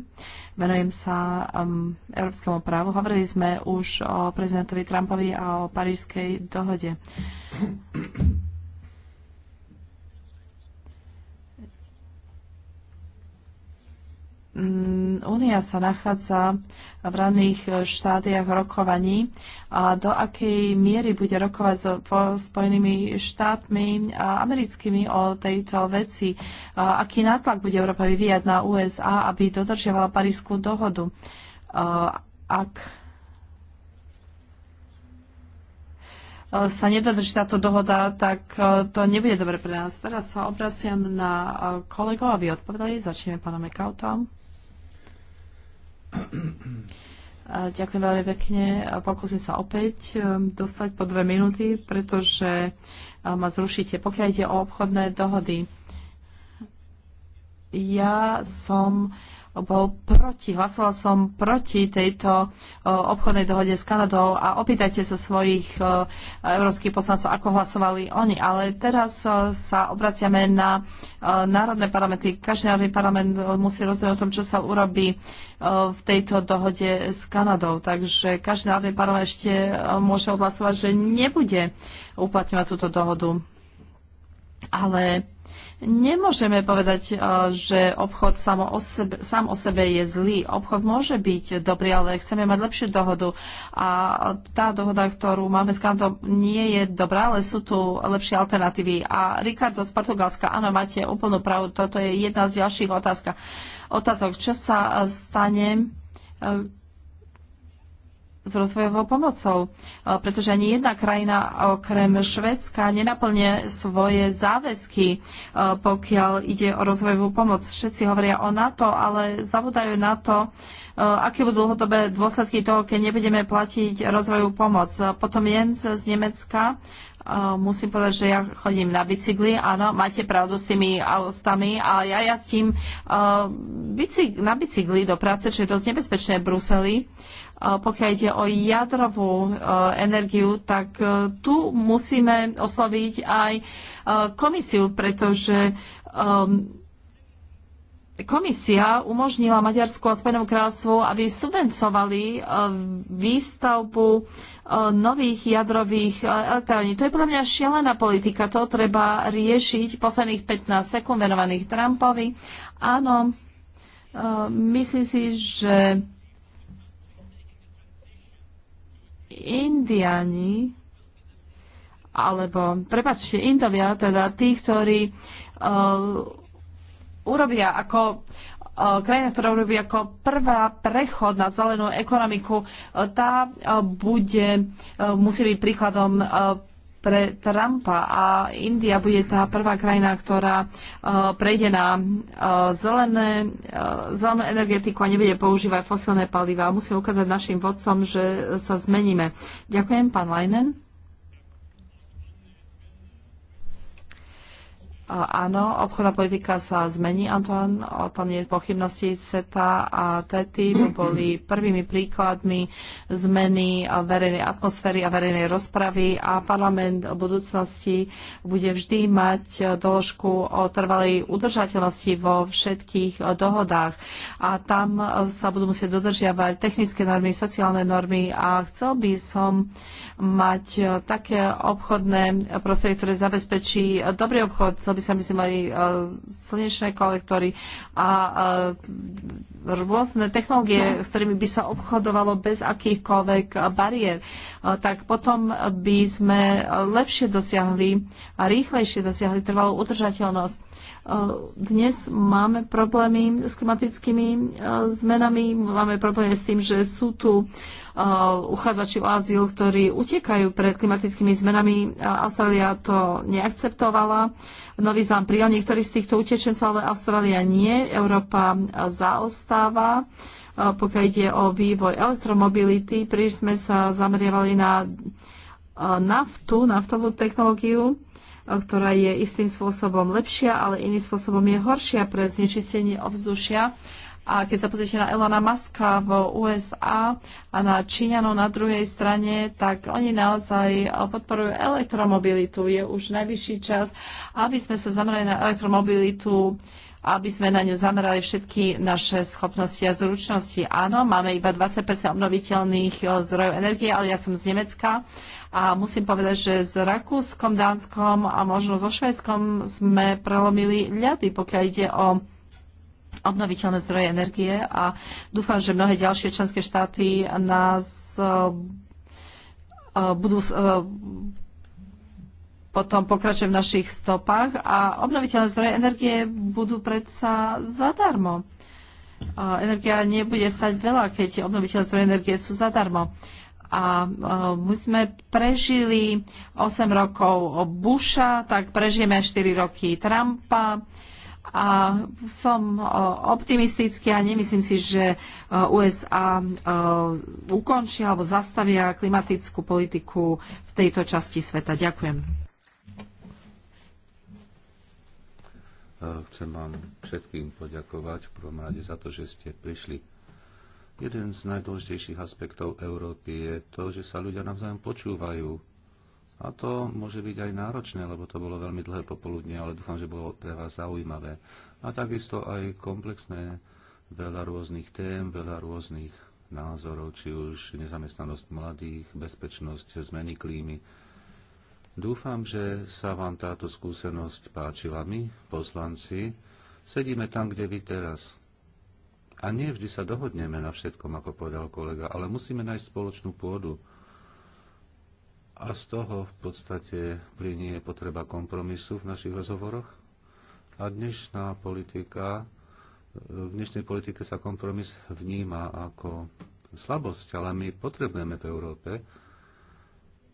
Venujem sa um, európskemu právu. Hovorili sme už o prezidentovi Trumpovi a o parížskej dohode. Mm, Únia sa nachádza v ranných eh, štádiách rokovaní a do akej miery bude rokovať so Spojenými štátmi a americkými o tejto veci. A aký nátlak bude Európa vyvíjať na USA, aby dodržiavala Parískú dohodu. A ak eh, sa nedodrží táto dohoda, tak eh, to nebude dobre pre nás. Teraz sa obraciam na kolegov, aby odpovedali. Začneme pánom Ekautom. Ďakujem veľmi pekne. Pokúsim sa opäť um, dostať po dve minúty, pretože uh, ma zrušíte. Pokiaľ ide o obchodné dohody, ja som bol proti, hlasoval som proti tejto obchodnej dohode s Kanadou a opýtajte sa svojich európskych poslancov, ako hlasovali oni. Ale teraz sa obraciame na národné parlamenty. Každý národný parlament musí rozhodnúť o tom, čo sa urobí v tejto dohode s Kanadou. Takže každý národný parlament ešte môže odhlasovať, že nebude uplatňovať túto dohodu. Ale nemôžeme povedať, eh, že obchod samo o sebe, sám o sebe je zlý. Obchod môže byť dobrý, ale chceme mať lepšiu dohodu. A tá dohoda, ktorú máme s kanto, nie je dobrá, ale sú tu lepšie alternatívy. A Ricardo z Portugalska, áno, máte úplnú pravdu. Toto je jedna z ďalších otázka. otázok. Čo sa eh, stane, eh, s rozvojovou pomocou, eh, pretože ani jedna krajina okrem Švedska nenaplne svoje záväzky, eh, pokiaľ ide o rozvojovú pomoc. Všetci hovoria o NATO, ale zavodajú na to, eh, aké budú dlhodobé dôsledky toho, keď nebudeme platiť rozvojovú pomoc. Potom Jens z Nemecka musím povedať, že ja chodím na bicykli, áno, máte pravdu s tými autami, ale ja jazdím e, bicyk, na bicykli do práce, čo je dosť nebezpečné v Bruseli. E, pokiaľ ide o jadrovú e, energiu, tak tu musíme osloviť aj komisiu, pretože komisia umožnila Maďarsku a Spojenému kráľstvu, aby subvencovali e, výstavbu e, nových jadrových e, elektrární. To je podľa mňa šialená politika. To treba riešiť posledných 15 sekúnd venovaných Trumpovi. Áno, myslím si, že Indiani alebo, prepáčte, Indovia, teda tí, ktorí uh, urobia ako e, krajina, ktorá urobí ako prvá prechod na zelenú ekonomiku, e, tá e, bude, musí byť príkladom pre Trumpa a India bude tá prvá krajina, ktorá prejde na zelené, zelenú energetiku a nebude používať fosilné paliva. Musíme ukázať našim vodcom, že sa zmeníme. Ďakujem, pán Leinen. Áno, obchodná politika sa zmení, Antoine, o tom nie je pochybnosti. CETA a TTIP boli prvými príkladmi zmeny verejnej atmosféry a verejnej rozpravy a parlament v budúcnosti bude vždy mať doložku o trvalej udržateľnosti vo všetkých dohodách a tam sa budú musieť dodržiavať technické normy, sociálne normy a chcel by som mať také obchodné prostredie, ktoré zabezpečí dobrý obchod, by sme, sme mali e, slnečné kolektory a e, rôzne technológie, s ktorými by sa obchodovalo bez akýchkoľvek bariér, eh, tak potom by sme lepšie dosiahli a rýchlejšie dosiahli trvalú udržateľnosť. Eh, dnes máme problémy s klimatickými eh, zmenami, máme problémy s tým, že sú tu uchádzači o azyl, ktorí utekajú pred klimatickými zmenami. Austrália to neakceptovala. Nový Zám prijal niektorých z týchto utečencov, ale Austrália nie. Európa zaostáva zaostáva. E, pokiaľ ide o vývoj elektromobility, príliš sme sa zameriavali na e, naftu, naftovú technológiu, e, ktorá je istým spôsobom lepšia, ale iným spôsobom je horšia pre znečistenie ovzdušia. A keď sa pozriete na Elona Muska v USA a na Číňanov na druhej strane, tak oni naozaj podporujú elektromobilitu. Je už najvyšší čas, aby sme sa zamerali na elektromobilitu aby sme na ňu zamerali všetky naše schopnosti a zručnosti. Áno, máme iba 20 obnoviteľných zdrojov energie, ale ja som z Nemecka a musím povedať, že s Rakúskom, Dánskom a možno so Švedskom sme prelomili ľady, pokiaľ ide o obnoviteľné zdroje energie a dúfam, že mnohé ďalšie členské štáty nás budú potom pokračuje v našich stopách a obnoviteľné zdroje energie budú predsa zadarmo. Energia nebude stať veľa, keď obnoviteľné zdroje energie sú zadarmo. A my sme prežili 8 rokov Busha, tak prežijeme 4 roky Trumpa. A som optimistický a nemyslím si, že USA ukončia alebo zastavia klimatickú politiku v tejto časti sveta. Ďakujem. Chcem vám všetkým poďakovať v prvom rade za to, že ste prišli. Jeden z najdôležitejších aspektov Európy je to, že sa ľudia navzájom počúvajú. A to môže byť aj náročné, lebo to bolo veľmi dlhé popoludne, ale dúfam, že bolo pre vás zaujímavé. A takisto aj komplexné, veľa rôznych tém, veľa rôznych názorov, či už nezamestnanosť mladých, bezpečnosť, zmeny klímy, Dúfam, že sa vám táto skúsenosť páčila my, poslanci. Sedíme tam, kde vy teraz. A nie vždy sa dohodneme na všetkom, ako povedal kolega, ale musíme nájsť spoločnú pôdu. A z toho v podstate plinie potreba kompromisu v našich rozhovoroch. A dnešná politika, v dnešnej politike sa kompromis vníma ako slabosť, ale my potrebujeme v Európe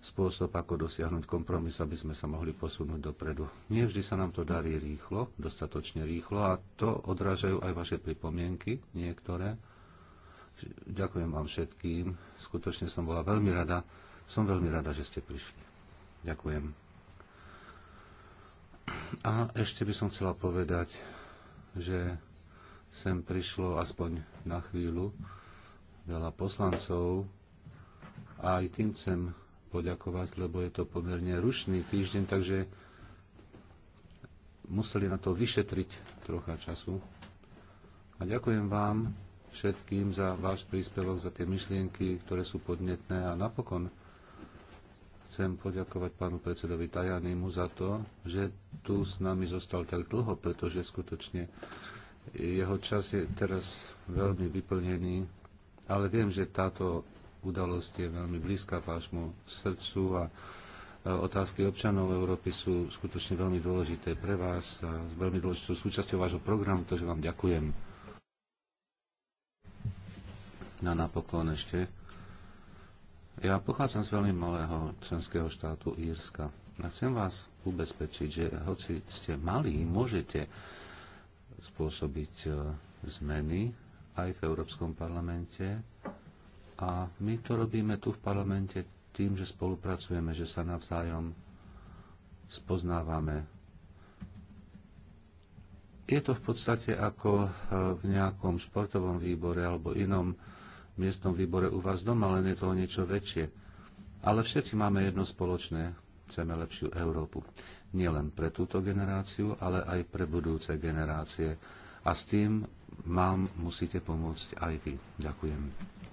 spôsob, ako dosiahnuť kompromis, aby sme sa mohli posunúť dopredu. Nie vždy sa nám to darí rýchlo, dostatočne rýchlo a to odrážajú aj vaše pripomienky niektoré. Ďakujem vám všetkým. Skutočne som bola veľmi rada. Som veľmi rada, že ste prišli. Ďakujem. A ešte by som chcela povedať, že sem prišlo aspoň na chvíľu veľa poslancov a aj tým chcem poďakovať, lebo je to pomerne rušný týždeň, takže museli na to vyšetriť trocha času. A ďakujem vám všetkým za váš príspevok, za tie myšlienky, ktoré sú podnetné a napokon chcem poďakovať pánu predsedovi Tajanimu za to, že tu s nami zostal tak dlho, pretože skutočne jeho čas je teraz veľmi vyplnený, ale viem, že táto udalosť je veľmi blízka vášmu srdcu a otázky občanov Európy sú skutočne veľmi dôležité pre vás a veľmi dôležitou súčasťou vášho programu, takže vám ďakujem. Na no, napokon ešte. Ja pochádzam z veľmi malého členského štátu Írska. A chcem vás ubezpečiť, že hoci ste malí, môžete spôsobiť e, zmeny aj v Európskom parlamente, a my to robíme tu v parlamente tým, že spolupracujeme, že sa navzájom spoznávame. Je to v podstate ako e, v nejakom športovom výbore alebo inom miestnom výbore u vás doma, len je toho niečo väčšie. Ale všetci máme jedno spoločné. Chceme lepšiu Európu. Nielen pre túto generáciu, ale aj pre budúce generácie. A s tým vám musíte pomôcť aj vy. Ďakujem.